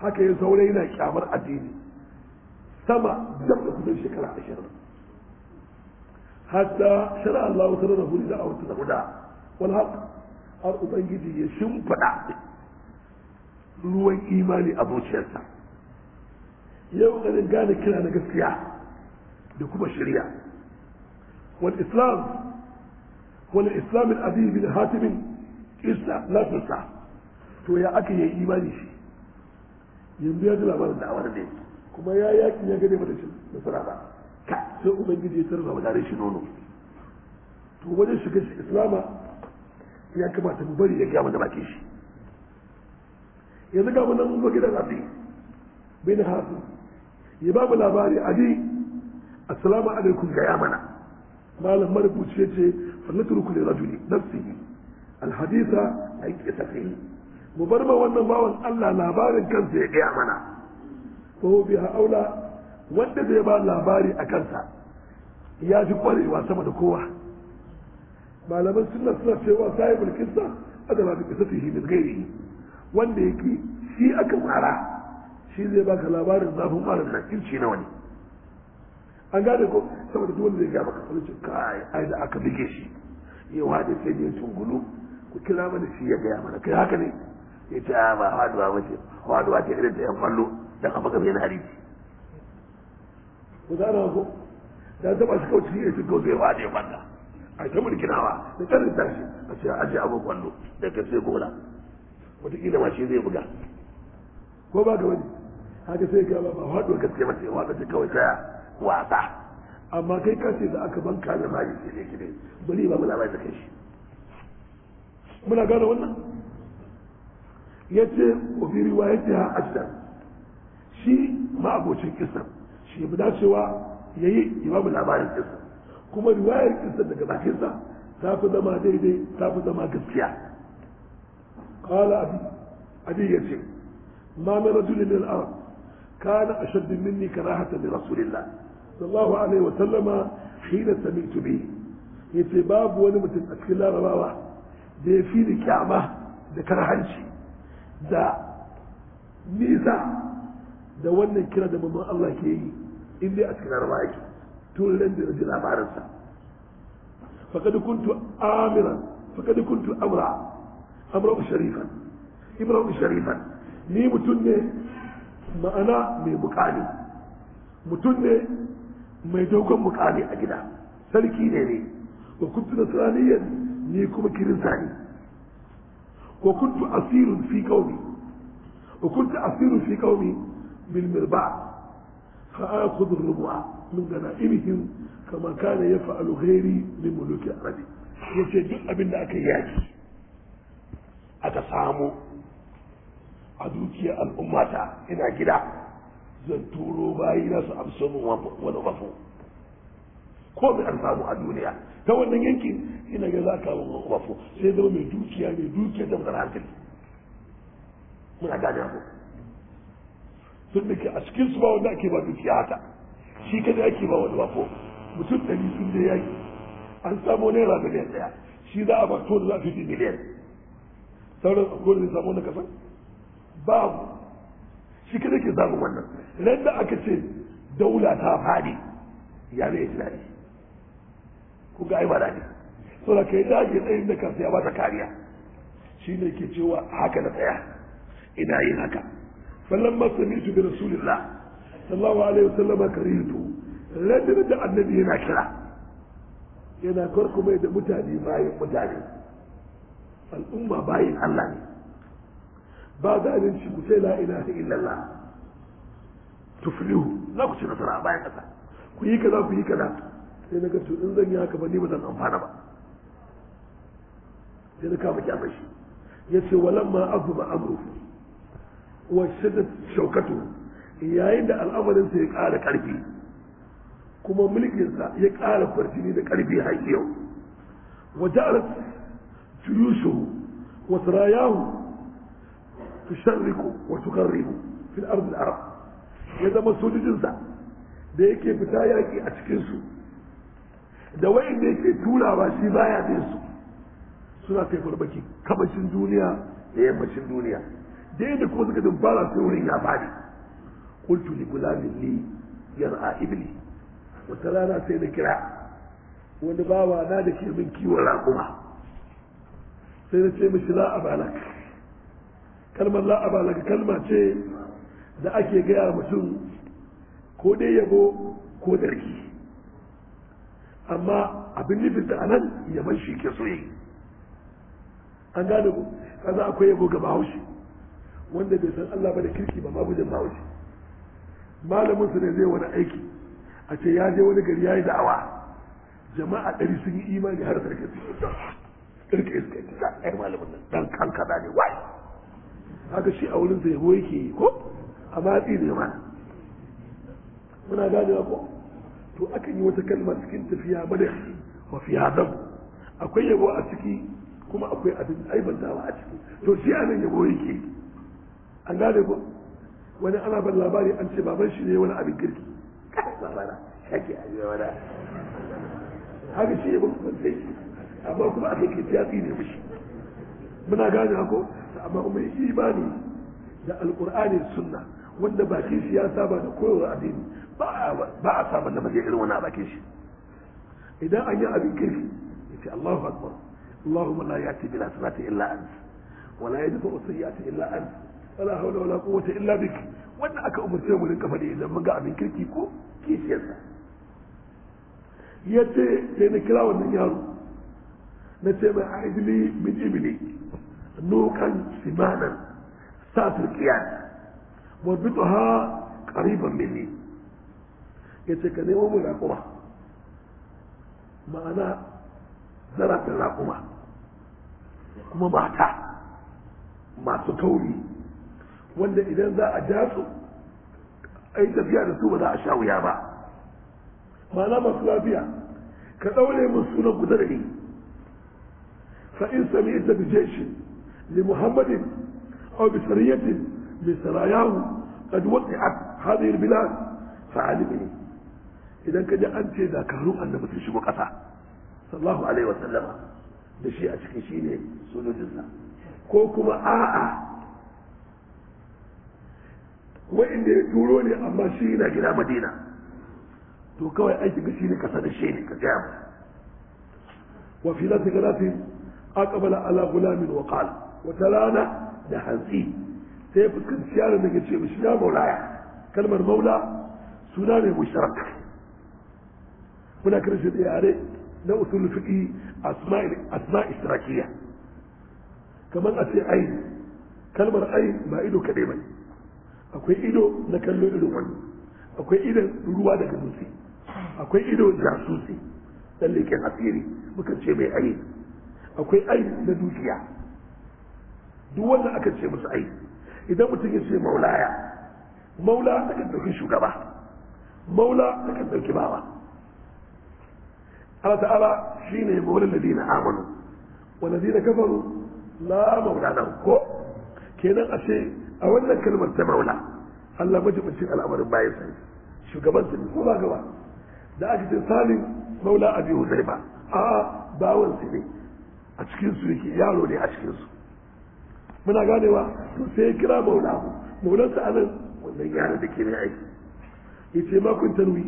Speaker 1: haka ya zaure yana kyamar addini sama dab da kusan shekara 20 hatta shara Allah ta rana da awata da huda wal haq har ubangiji ya shimfaɗa ruwan imani a zuciyarsa yau ganin gane kira na gaskiya da kuma shari'a wal islam wal islam al-adil hatimin na nasarsa to ya aka yi imani shi yanzu ya ji labarin da'awar ne kuma ya yaƙi ya gane mata nasara ba ka sai ubangiji ya tarza wa shi nono to wajen shiga shi islama ya kamata mu bari ya gama mana bakin shi yanzu ga mun nan mun gidan abi bin hasu ya ba mu labari abi assalamu alaikum ga mana malam marubuci ya ce fa natruku rajuli nafsihi alhadisa an kita mu bar ma wannan bawan Allah labarin kansa ya gaya mana to bi aula wanda zai ba labari a kansa ya fi kwarewa sama da kowa malaman sunna suna cewa sahibul kissa kisa bi qisatihi min ghairihi wanda yake shi aka mara shi zai baka labarin zafin marar da kirci na wani an gane ko saboda duk wanda zai gaba ka ce kai ai da aka bige shi ya da sai ne tungulu ku kira mana shi ya gaya mana kai haka ne ya ce ba haduwa ba ce haduwa ce irin ta yan kwallo da kafa kafa yana hariji ku zara ko da zama shi kawai cikin ya shi kawai wa ne wanda a ta mulkinawa da karin tashi a ce aje abin kwallo da ka sai gola wataƙila ma shi zai buga ko ba da wani haka sai ka ba haduwa gaske ba ce haduwa ce kawai ta wasa amma kai ka ce da aka banka da mai shi ne bari ba mu labari da kai shi muna gane wannan ya ce wafi riwayati ha ajda shi ma'abocin kisan. shi bi dacewa ya yi imamu labarin kisa kuma riwayar kisa daga bakinsa ta fi zama daidai ta fi zama gaskiya kala abi abi ya ce ma min rajulin min arab kana ashaddu minni karahatan li rasulillah sallallahu alaihi wa sallama hina sami'tu Ya yace babu wani mutum a cikin larabawa da ya fi ni kyama da hanci da nisa da wannan kira da mamman Allah ke yi in dai a cikin arba yake tun ran da ji labarinsa faqad kuntu amiran faqad kuntu amra amra sharifan ibrahim sharifan ni mutum ne ma'ana mai mukami mutum ne mai dogon mukami a gida sarki ne ne wa kuntu nasraniyan ni kuma kirista ne wa kuntu asirun fi kauni, wa kuntu asirun fi qaumi bil mirba fa akhudhu rubuwa, min ganaimihim kama kana yaf'alu ghairi min muluki arabi yace duk abin da aka yaki aka samu a dukiyar al'ummata ina gida zan turo bayi na su amsa wani rafo ko mai an samu a duniya ta wannan yankin ina ga za ka wafo sai zama mai dukiya mai dukiya da mutar hankali muna gane abu sun da ke a cikin su ba wanda ake ba dukiya haka shi kada ake ba wani wafo mutum ɗari sun je yaki an samu naira miliyan ɗaya shi za a ba to da za a fi miliyan sauran akwai da samu na kasan babu shi kada ke zaɓin wannan ran da aka ce daula ta fadi ya ne ya ji ku ga aiwa da ne so da kai dage tsayin da kansa ya bata kariya shi ne ke cewa haka na tsaya ina yin haka fallan masami su bi rasulillah sallallahu alaihi wasallam karitu ladin da annabi yana kira yana mai da mutane bayan mutane al'umma bayan Allah ne ba shi ku sai la ilaha illallah tuflihu za ku ci nasara a bayan ƙasa ku yi kaza ku yi kaza sai na ga in zan yi haka ba ni ba zan amfana ba sai na kama kyamar shi ya ce walamma abu ba amuru wa shida shaukatu yayin da al'amarinsa ya ƙara ƙarfi kuma mulkinsa ya ƙara farjini da ƙarfi har yau wa ja'alat juyushu wa sarayahu wasu wa tukarribu fil ardi arab ya zama sojojinsa da yake fita yaƙi a cikinsu da da yake turawa shi baya bin su suna kai farmaki kamashin duniya da yammacin duniya da yadda kuma suka dumfara sai wurin ya bani qultu li gulamin li yar'a ibli wata rana sai na kira wani bawa na da ke min kiwon raƙuma sai na ce mishi la balak kalmar la balak kalma ce da ake gaya mutum ko dai yabo ko zargi amma abin nufin da anan yaman shi ke so yi an gane ku kaza akwai yabo ga bahaushe wanda bai san Allah ba da kirki ba babu jin bahaushe malamin su ne zai wani aiki a ce ya je wani gari yayi da'awa jama'a ɗari sun yi imani har sarki kirki iska kisa ai malamin nan dan kan kaza ne wai haka shi a wurin sa yabo yake ko a matsi ne ma muna ganewa ko to akan yi wata kalma cikin tafiya bada mafiya zam akwai yabo a ciki kuma akwai abin aibantawa a ciki to shi a nan yabo yake an gane ko wani ana ban labari an ce baban shi ne wani abin kirki babana shaki a yi wani haka shi yabo kuma sai amma kuma aka ke tiyatsi ne mushi muna gane ko amma kuma imani da alkur'ani sunna wanda bakin shi ya saba da koyarwar addini بقى لما تيجي له بقى كيش اذا اجى ابي كيف انت الله اكبر اللهم لا ياتي بلا بالاسمات الا انت ولا يدفع السيئات الا انت ولا حول ولا قوه الا بك وانا اكو مسلم لك فدي لما جاء ابي كيف كيكو كيش يسا يتي لين كلاو نيارو نتي ما عايز لي من ابني انه كان سمانا ساتر كيان وربطها قريبا مني ya ce ka nemo mu raƙuma ma'ana zarafin raƙuma kuma mata masu tauri wanda idan za a ja su a yi tafiya da su ba za a sha wuya ba ma'ana masu lafiya ka ɗaure mun sunan ne fa'in sami ita bijeshi li muhammadin aw bi bi sarayahu qad wasi'at hadhihi idan ka ji an ce dakarun annabi sun shigo ƙasa sallallahu alaihi wasallama da shi a cikin shi ne sojojinsa ko kuma a'a wa'inda ya turo ne amma shi na gida madina to kawai aiki ga shi ne kasa da shi ne ka gaya mu wa fi zata ga zafi aqbala ala gulamin wa qala wata rana da hantsi sai ya fuskanci yaron da ke ce mishi ya maulaya kalmar maula suna ne mushtarak muna shi da yare na usul fiqi asma istirakiya kamar a ce ayin kalmar ayin ba ido kaɗai ba akwai ido na kallo ido wani akwai idon ruwa daga dutse akwai ido jasusi dan leƙen asiri muka ce mai ayin akwai ayin na dukiya duk wanda aka ce musu ayin idan mutum ya ce maulaya maula akan ɗauki shugaba maula akan ɗauki bawa Allah ta'ala shine mawlal Amadu, amanu wal ladina kafaru la mawla lahum ko kenan ashe a wannan kalmar ta maula Allah majibincin al'amarin bayan sa shugaban sa ko ba gaba da aka ce salim maula abi huzaifa a bawan sa ne a cikin su yake yaro ne a cikinsu. muna ganewa to sai kira maula maulansa anan wannan yaro da ke ne aiki yace ma kun tanwi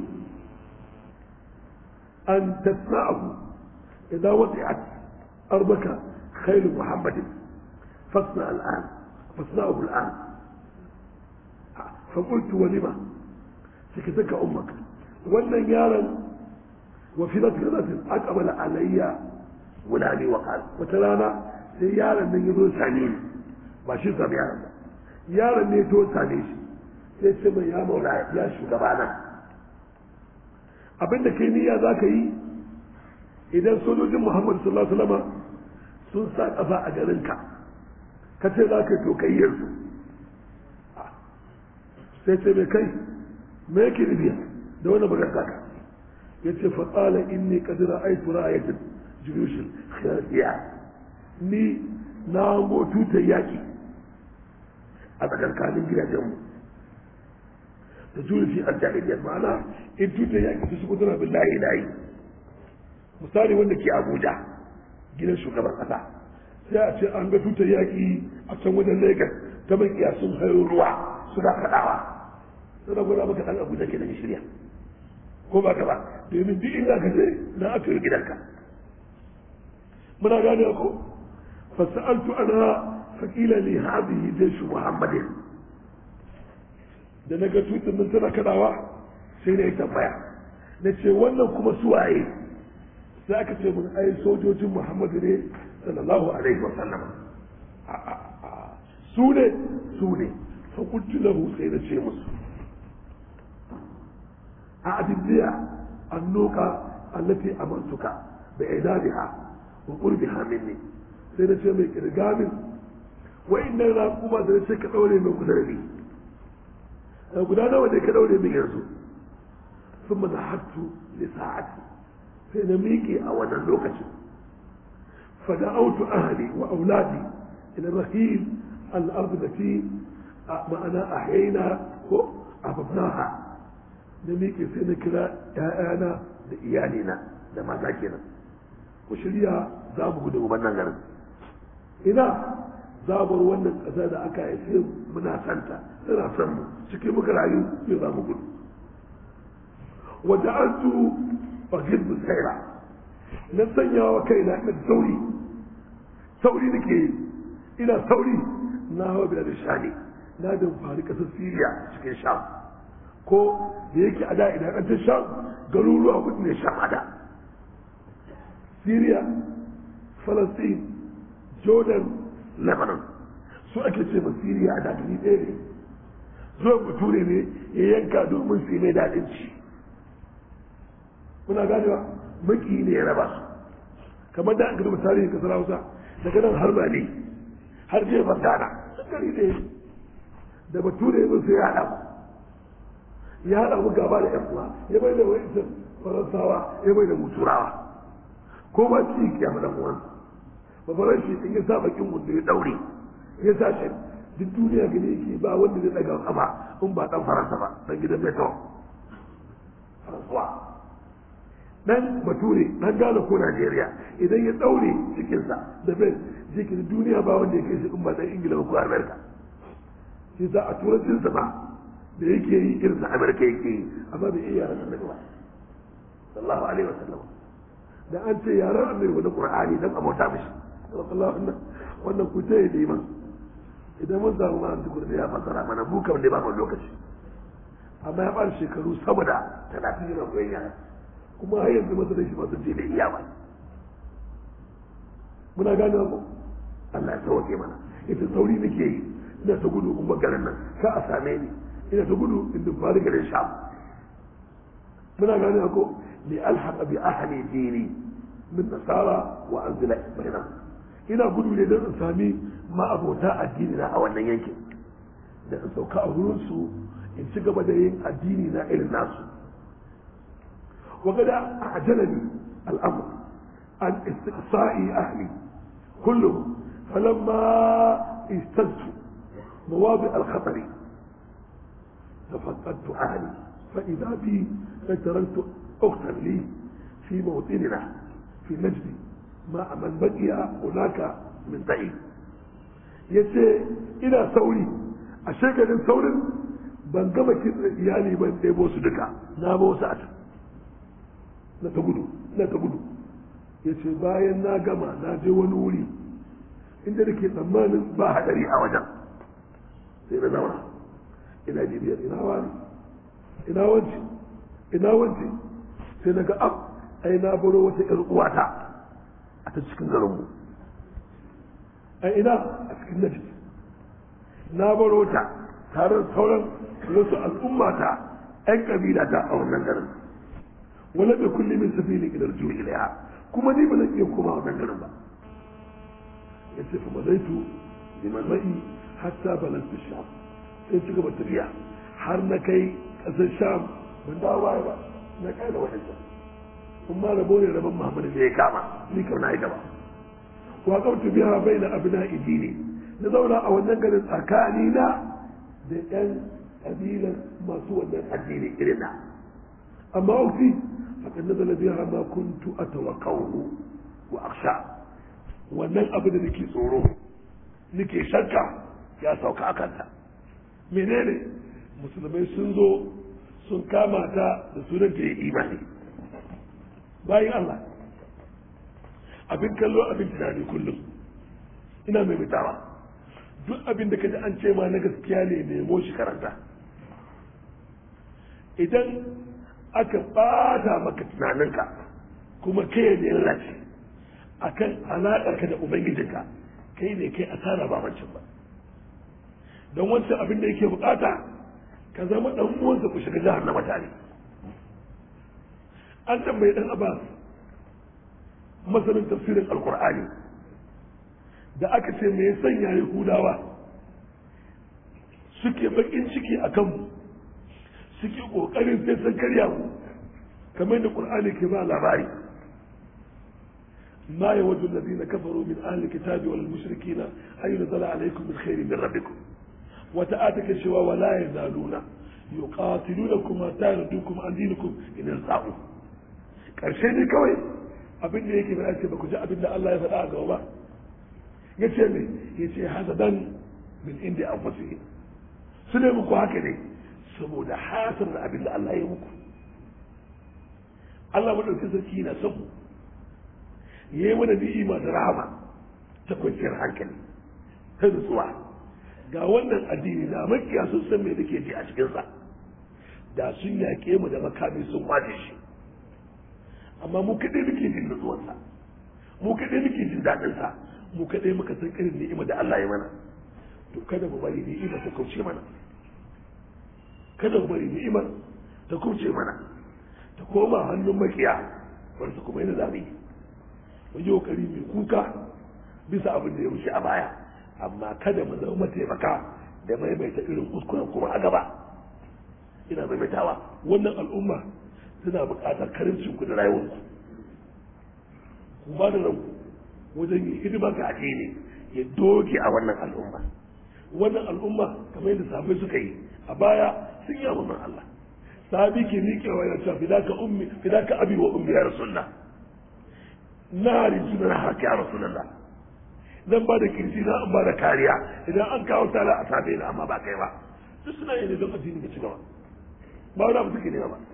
Speaker 1: أن تسمعه إذا وضعت أرضك خيل محمد فاصنع الآن فاصنعه الآن فقلت ولما سكتك أمك ولن يارا وفي نفس نفس أقبل علي ولاني وقال وتلانا سيارا من يدون سعنين ما شرطة بيانا يارا من يدون سعنين سيسمى يا مولاي يا شو abin da kai niyya za ka yi idan sojojin muhammad sallallahu alaihi sun sa kafa a garinka ka ce za ka yi to kai yanzu sai ce mai kai me yake nufi da wani magana ka ya ce fatsala inni kadira aitu ra'ayatin jirushin ni na hango tutar yaki a tsakankanin gidajenmu da a fi ya ma'ana in tuta ya kasu su kudura bin layi layi misali wanda ke abuja gidan shugaban kasa sai a ce an ga tutar yaƙi a can wajen lagos ta a sun hayo ruwa suna kaɗawa suna gwada maka ɗan abuja ke da shirya ko ba ka ba domin duk inda ka je na aka gidanka muna gane ko fasa'altu ana fakila ne li zai shi muhammadin da na ga tutun nan tana kadawa sai na yi tambaya na ce wannan kuma su waye sai aka ce mun ai sojojin muhammadu ne sallallahu alaihi wasallam su ne su ne fa kuntu lahu sai na ce musu a an noka allati amantuka bi idadiha wa qurbiha minni sai na ce mai kirgamin wa inna la kuma da sai ka daure mai kudarbi da guda nawa ne ka daure min yanzu sun mana hattu da sa'ati sai na miƙe a wannan lokacin fada autu ahali wa auladi ina rahim al'ardu da fi ma'ana a haina ko a babnaha na miƙe sai na kira ‘ya'yana da iyalina da mata kenan ku shirya za mu gudu wannan garin ina zabar wannan ƙasa da aka haife muna santa yana son mu cike muka rayu ya za mu gudu wa ja'altu faghid na sanya wa kaina da sauri sauri nake ina sauri na hawa bila da shani na da fari kasar Siriya cikin Sham ko da yake a da idan ta Sham garuruwa hudu ne Sham Siriya Falastin Jordan Lebanon su ake ce ma Siriya a da ɗaya ne zo bature ne ya yanka domin su mai daɗin ci muna ganewa maki ne ya raba kamar da an gada misali kasar hausa daga nan har mali har je fantana gari ne da bature ne sai ya haɗa mu ya haɗa mu gaba da yan uwa ya bai da wa'insan faransawa ya bai da mu ko ba ci kiyama da uwan ba faranshi in ya sa bakin wanda ya daure ya sa shi duk duniya gane yake ba wanda zai daga kafa in ba dan faransa ba dan gidan beto dan bature dan gane ko najeriya idan ya daure cikin sa da bai jikin duniya ba wanda yake shi in ba dan ingila ko amerika shi za a tura sa ba da yake yi irin sa amerika yake yi amma bai iya yaran annabi ba sallallahu alaihi wasallam da an ce yaran annabi da qur'ani dan abota mishi sallallahu alaihi wasallam wannan ku da iman idan mun samu mana tukur da ya fasara mana mu kam ne ba mu lokaci amma ya bani shekaru saboda tana cikin yana kuma har yanzu masu da shi masu ce da iya ba muna gane ku Allah ya sauke mana ita sauri nake yi ina ta gudu kuma garin nan ka a same ni ina ta gudu in duk fara garin sham muna gane ku li alhaqa bi ahli dini min nasara wa anzila ibrahim ina gudu ne don in sami ma'abota addini na a wannan yankin da in sauka a wurinsu in ci gaba da yin addini na irin nasu وقد أعجلني الأمر عن استقصاء أهلي كلهم فلما اجتزت مواضع الخطر تفقدت أهلي فإذا بي لتركت أختا لي في موطننا في نجدي مع من بقي هناك من بعيد ya ce ina sauri a shekarun saurin ban gama kitsa iyali ban ɗebo su duka na ba wasu na ta gudu na ta gudu ya ce bayan na gama na je wani wuri inda da ke tsammanin ba hadari a wajen sai na zama ina jibiyar ina wani ina wance ina wance sai na ga ab ai na baro wata 'yar uwata a ta cikin garinmu a ina a cikin nafi na baro ta tare da sauran wasu al'umma ta yan ƙabila ta a wannan garin wani bai kulle min sabili ila rujui kuma ni ba zan iya koma wannan garin ba yace fa madaitu liman ma'i hatta balagtu sham sai ci gaba tafiya har na kai ƙasar sham ban dawo baya ba na kai da wajen sham kuma rabo ne rabon muhammadu da ya kama ni kauna ya gaba wa kautu biha baina abna'i dini na zauna a wannan garin tsakani na da yan kabilan masu wannan addini irin na amma ukhti faqad nazala biha ma kuntu atawaqqahu wa akhsha wannan abin da nake tsoro nake shakka ya sauka akanta menene musulmai sun zo sun kama ta da sunanta ya yi imani bayan Allah abin kallo abin tunani kullum ina mai mutawa duk abin da kaji an ce ma na gaskiya ne nemo shi karanta idan aka bata maka tunaninka kuma kai ne rashi akan alaƙarka da ubangijinka kai ne kai asara ba mancin ba don wancan abin da yake bukata ka zama ɗan uwansa ku shiga jihar na mutane an tambayi dan abbas masanin tafsirin alkurani da aka ce me ya sanya ya hudawa suke bakin ciki a kanmu suke sai san karya ku kamar da Ƙur'ani ke ba labari. Na yi wajen da zina kafaromin alli, kitabuwan, mushrikina. Har yanzu zai alaikum min fa'idani rabbi ku. Wata wala ya na nuna? Yau ƙawatu, nuna idan zaɓo. Karshe ni kawai. abin da yake faɗa ce ba ku ji abin da Allah ya faɗa a gaba ba ya ce me ya ce hasadan min inda an fasi su ne muku haka ne saboda hasar da abin da Allah ya muku Allah madaukin sarki na sabu ya yi mana ni'i masu rahama ta kwanciyar hankali ta nutsuwa ga wannan addini da makiya sun san me da ke ji a cikinsa da sun yaƙe mu da makami sun kwace shi amma mu kaɗai muke jin nutsuwarsa mu kaɗai muke jin daɗinsa mu kaɗai muka san irin ni'ima da Allah ya mana to kada mu bari ni'ima ta kauce mana kada mu bari ni'imar ta kauce mana ta koma hannun makiya wani ta kuma yana zaɓi mu yi kokari mai kuka bisa abin da ya wuce a baya amma kada mu zama taimaka da maimaita irin kuskuren kuma a gaba ina maimaitawa wannan al'umma suna buƙatar karancin kudin da rayuwarsu ku ba da ranku wajen yi hidima ga addini ya doge a wannan al'umma wannan al'umma kamar yadda sabai suka yi a baya sun yi abin Allah sabi ke miƙewa wa cewa fidaka ummi fidaka abi wa ummi ya rasulullah nari sunan haka ya rasulullah zan ba da kirji na an ba da kariya idan an kawo tara a sabe na amma ba kai ba duk suna yin don addini ga cigaba ba wani abu suke nema ba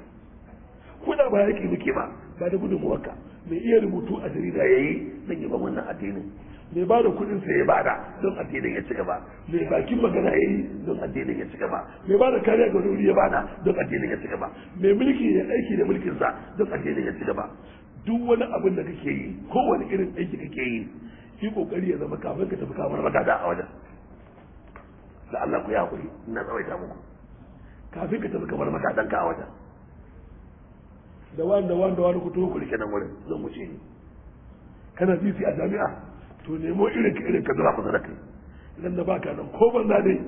Speaker 1: kuna ba yake muke ba ba da gudun waka mai iya rubutu a jarida ya yi don ba wannan addinin mai ba da kudin sai ya da don addinin ya ci gaba mai bakin magana ya yi don addinin ya ci gaba mai ba da kariya ga wuri ya ba da don addinin ya ci gaba mai mulki ya aiki da mulkin sa don addinin ya ci gaba duk wani abin da kake yi kowane irin aiki kake yi yi kokari ya zama kafin ka tafi kamar magada a wajen da Allah ku ya hakuri ina tsawaita muku kafin ka tafi kamar magadan ka a wajen da wanda da wani da ku rike nan wurin zan wuce ni kana sisi a jami'a to nemo irin ka irin ka zura ku da kai idan da baka nan ko ban da dai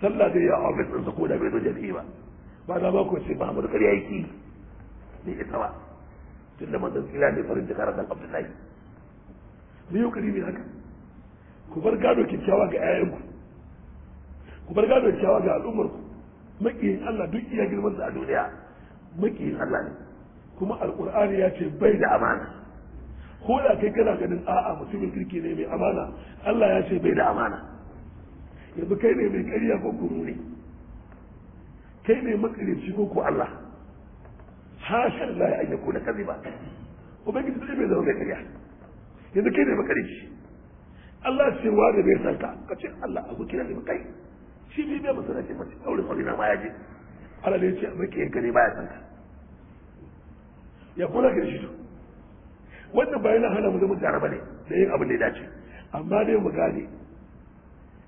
Speaker 1: sallah dai ya office din ko da bai zo jami'i ba ba na ba ku ce mu kar yayi ki ne isa ba tun da manzon tsira ne farin jikar da Abdullahi ni yau karibi haka ku bar gado kyakkyawa ga 'ya'yanku ku bar gado kyakkyawa ga al'ummarku makiyin Allah duk iya girman sa a duniya makiyin Allah ne kuma alkur'ani ya ce bai da amana ko da kai kana ganin a'a mutumin kirki ne mai amana Allah ya ce bai da amana yanzu kai ne mai ƙarya ko guru ne kai ne makarici ko ko Allah hashar la ya ayyuku na kaziba ubangiji zai bai zama mai ƙarya yanzu kai ne makarici Allah ce wa da bai san ka ce Allah abu kira ne kai shi ne bai da ce mace aure kwalina ma ya je Allah ne ya ce a maka ne ba ya sanka. ya kula ga da shi to wannan ba na hana mu zama tare bane da yin abin da ya dace amma dai mu gane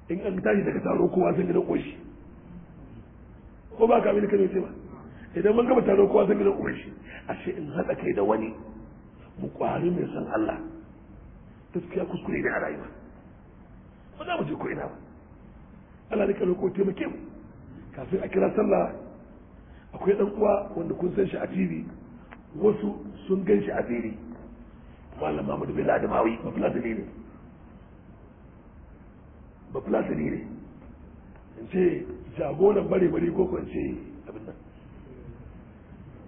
Speaker 1: in an tashi daga taro kowa san gidan koshi ko ba ka abin kan ce ba idan mun gaba taro kowa san gidan koshi ce in haɗa kai da wani mu kwari mai san Allah gaskiya kuskure ne a rayuwa ba za mu je ko ina ba Allah ne kallo ko taimake mu kafin a kira sallah akwai dan uwa wanda kun san shi a TV wasu sun gan shi a tsere malam mahmud bin adamawi ba fulatani ne ba fulatani ne in ce jagoran bare bare ko ko ce abin nan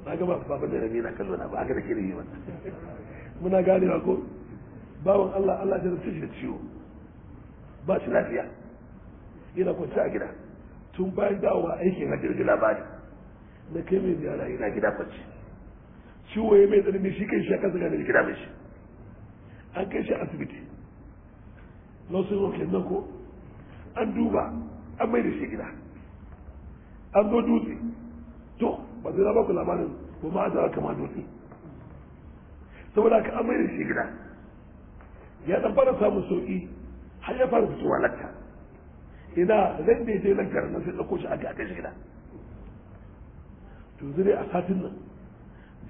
Speaker 1: na gaba ba ba da rabi na kallo na ba haka da kiri ne muna gane ba ko bawan Allah Allah ya rufe shi da ciwo ba shi lafiya yana kwanci a gida tun bayan dawowa aikin hajjar labari na kai mai ziyara yana gida kwanci ciwo ya mai tsanani shi kai shi aka zaga da gida mai shi an kai shi asibiti losin roke nan ko an duba an mai da shi gida an zo dutse to ba zai ba ku labarin ba ma za kama dutse saboda ka an mai da shi gida ya dan fara samun sauki har ya fara fitowa lakka ina zan da ya je na nan sai ɗauko shi a kai shi gida to zai a satin nan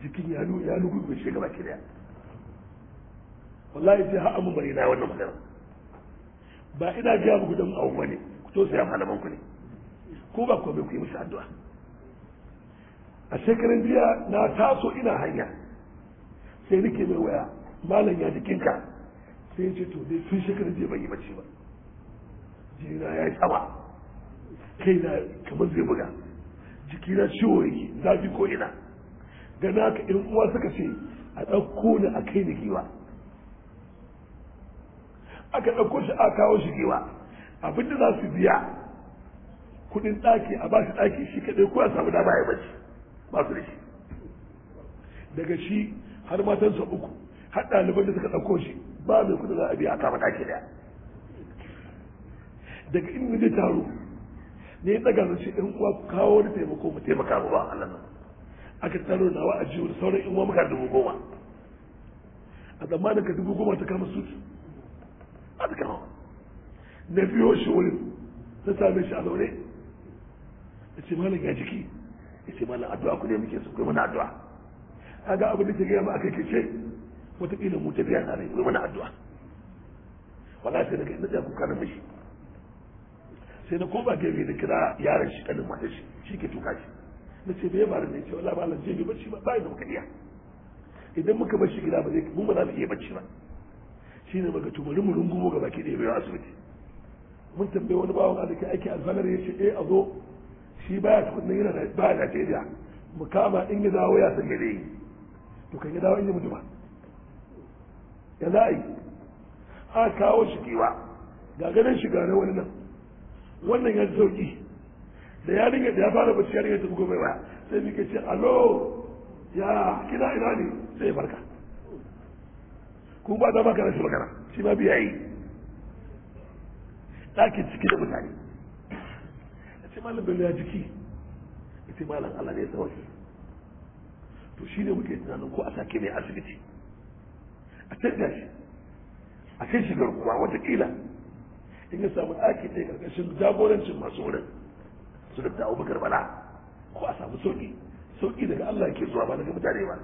Speaker 1: jikin ya nu ya lugu shi shiga baki daya wallahi sai har abu bari na wannan magana ba ina ga muku dan awu bane ku to sai malaman ku ne ko ba ko bai ku yi musu addu'a a shekarun jiya na taso ina hanya sai nake mai waya malam ya jikinka sai ya ce to dai tun shekarun jiya bai yi bacci ba jina ya yi tsawa. kai na kamar zai buga jikina ciwo yi zafi ko ina da naka in uwa suka ce a ɗauko ni a kai ni giwa aka ɗauko shi a kawo shi giwa abin da za su biya kuɗin ɗaki a ba shi ɗaki shi kaɗai kuwa samu dama ya bace ba su da shi daga shi har sa uku har ɗaliban da suka ɗauko shi ba mai kuɗi za a biya a kama ɗaki ɗaya daga inda zai taro ne ya ɗaga zai ɗan uwa kawo wani taimako mu taimaka ba Allah nan aka tsaro nawa a jiwo da sauran in muka dubu goma a zamanin ka dubu goma ta kama su a ta kama na biyo shi wurin ta same shi a zaune ya ce malam ya jiki ya ce malam addu'a ku ne muke su kai mana addu'a kaga abin da ke gaya ma aka kice wataƙila mu tafiya na rai kai mana addu'a wala sai daga inda ku kuka na mishi sai na koma gefe da kira yaran shi kanin shi shi ke tuka shi na ce bai bari mai ce wala ba lanje bai bacci ba ba da muka iya idan muka bar shi gida ba zai mu ba za mu iya bacci ba shine muka tumuri mu rungumo ga baki da ya bai asibiti mun tambaye wani bawon a ke aiki alfanar ya ce eh a zo shi baya tukunna yana da baya Najeriya mu kama in ya dawo ya san me yi to kan ya dawo in ya mutu ba ya za a yi a kawo shi kewa ga ganin shiga na wani nan wannan ya sauki da dinga da ya fara bacci ya dinga bugo gobe ba sai mike ce allo ya kina ina ne sai barka kuma ba da maka rashin magana shi ma biya yi ɗakin ciki da mutane a ce malam bello ya jiki a ce malam allah ne ya tsawaki to shi ne muke tunanin ko a sake ne asibiti a canza shi a kai shi garkuwa watakila in ya samu ɗaki ɗaya ƙarƙashin jagorancin masu wurin su da abubakar bala ko a samu sauki sauki daga Allah ke zuwa ba daga mutane ba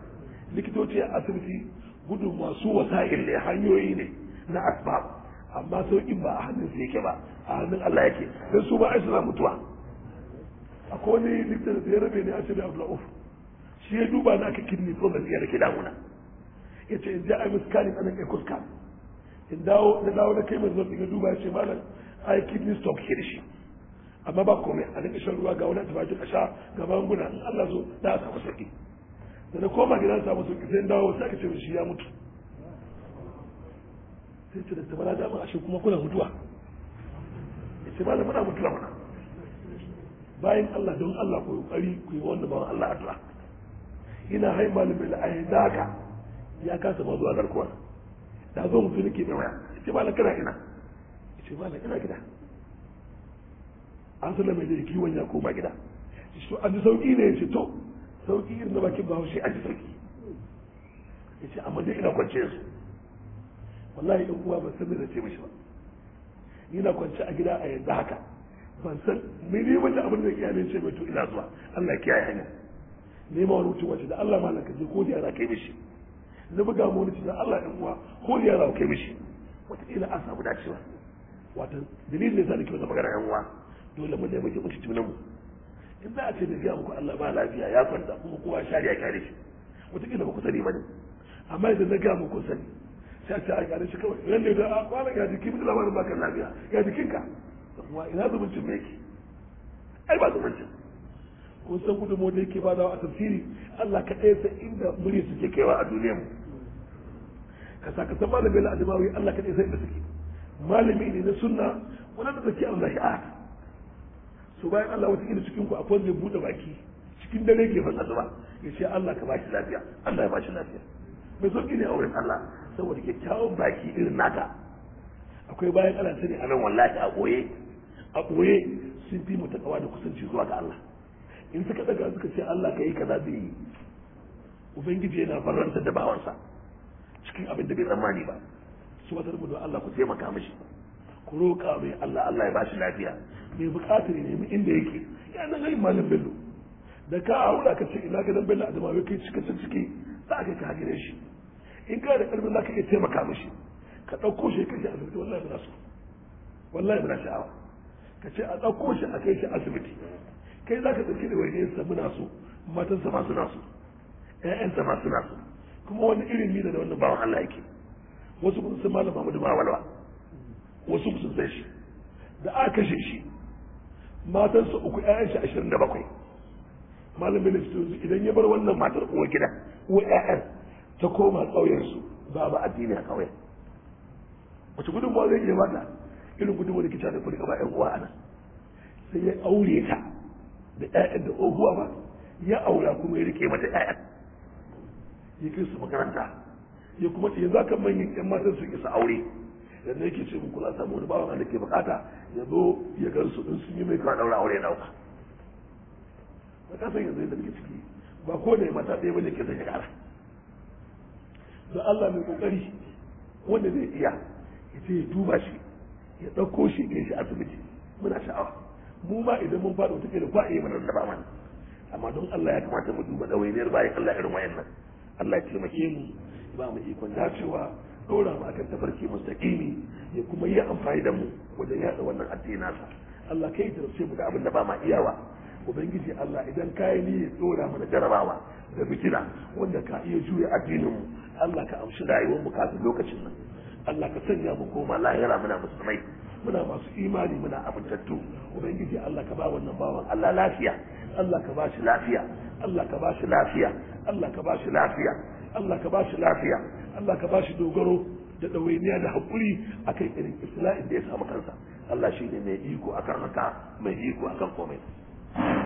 Speaker 1: likitoci a asibiti gudun masu wasa'il ne hanyoyi ne na asbab amma sauki ba a hannun su yake ba a hannun Allah yake dan su ba ai suna mutuwa akwai wani likita da ya rabe ne a Abdul abdullahi shi ya duba na ka kidney problem ya rike damuna ya ce in je ai miskani anan ya kuskan in dawo da dawo da kai mai zuwa ga duba ya ce malam ai kidney stock ke da amma ba komai a dinga shan ruwa ga wani tabaji a sha ga magunguna in Allah zo da a samu sauki da na koma gidan samu sauki sai dawo sai aka ce shi ya mutu sai ce da tabara dama ashe kuma kuna mutuwa ce ba da muna mutuwa muna bayan Allah don Allah ku kokari ku yi wanda ba Allah addu'a ina hai malamin ayyadaka ya kasa ma zuwa garkuwa da zo mutu nake da waya ce ba na kana ina ce ba na ina gida an sallama zai kiwon ya koma gida shi an ji sauki ne shi to sauki irin da bakin bahu shi an ji sauki ya ce amma dai ina kwance su wallahi 'yan uwa ban san me zan ce mishi ba ina kwance a gida a yanzu haka ban san me ne da abin da kiyaye ce mai to ina zuwa Allah ya kiyaye hanya nema wani mutum wace da Allah na kaje ko da kai mishi na buga mu wani cikin Allah 'yan uwa ko da yara kai mishi ila an samu dacewa wata dalilin ne sa da kyau na magana yan uwa dole mu nemi mu tunan mu in za a ce da gaya muku Allah ba lafiya ya kwanta kuma kowa shari'a ya kare shi wataƙila ba ku sani ba ne amma idan na gaya muku sani sai a ce a kare shi kawai ran ne da a ah, kwana ga jiki mutu labarin ba kan lafiya ga jikinka kuma ina zumuncin me yake ai ba zumuncin kun san gudunmu da yake badawa a tafsiri Allah ka ɗaya sa inda murya suke kaiwa a duniyar mu ka sa ka san malamin al'adimawi Allah ka ɗaya sa inda suke malami ne na sunna wanda da zaki Allah ya Su bayan Allah wata kila cikin ku akwai zai bude baki cikin dare ke fasa zuwa ya ce Allah ka bashi lafiya Allah ya bashi lafiya mai sauki ne a wurin Allah saboda kyakkyawan baki irin naka akwai bayan Allah sani a nan wallahi a ɓoye. a ɓoye sun fi mu takawa da kusanci zuwa ga Allah in suka daga suka ce Allah ka yi kaza zai yi ubangiji yana faranta da bawansa cikin abin da bai tsammani ba su wata rubuta Allah ku taimaka mishi ku roƙa mai Allah Allah ya bashi lafiya mai bukatar ne nemi inda yake ya nan garin malin bello da ka aura ka ce ina ganin bello adama bai kai cika ciki za ka ka gare shi in ka da karfin za ka iya taimaka mishi ka ɗauko shi kai shi asibiti wallahi ba su wallahi ba sha'awa ka ce a ɗauko shi a kai shi asibiti kai za ka ɗauki da wani yansa muna so matan sama suna so ƴaƴan sama suna so kuma wani irin mina da wannan bawan Allah yake wasu kun san malama mu da ba walwa wasu kun san shi da aka kashe shi su uku ƴaƴan ashirin da bakwai malam bai idan ya bar wannan matar uwar gida uwar ƴaƴan ta koma ƙauyensu ba ba addini a ƙauyen wace gudunmawa zai iya mata irin gudunmawa da kita da kuri gaba ƴan uwa ana sai ya aure ta da ƴaƴan da uwa ba ya aura kuma ya rike mata ƴaƴan ya kai su makaranta ya kuma ya za manyan ƴan matan su isa aure yanzu yake ce muku na samu wani bawan da ke bukata ya zo ya gan su in sun yi mai kawai daura aure dauka ba ka san yanzu yadda muke ciki ba ko ya mata ɗaya ne ke zai kara da Allah mai kokari wanda zai iya ya ce ya duba shi ya ɗauko shi ya shi asibiti muna sha'awa mu ma idan mun faɗo take da kwaye mana da ba mana amma don Allah ya kamata mu duba ɗawainiyar bayan Allah irin wayannan Allah ya taimake mu ba mu ikon dacewa dora mu akan tafarki mustaqimi ya kuma yi amfani da mu wajen yada wannan addini nasa Allah kai da sai mu da abin da ba ma iyawa ubangiji Allah idan kayi ni dora mana jarabawa da fitina wanda ka iya juya addinin mu Allah ka amshi rayuwar mu kafin lokacin nan Allah ka sanya mu koma lahira muna musulmai muna masu imani muna amintattu ubangiji Allah ka ba wannan bawan Allah lafiya Allah ka ba shi lafiya Allah ka ba shi lafiya Allah ka ba shi lafiya Allah ka ba shi lafiya Allah ka ba shi dogaro da ɗawainiya da haƙuri akan irin isla'in da ya samu kansa Allah shi ne mai iko akan haka mai iko akan komai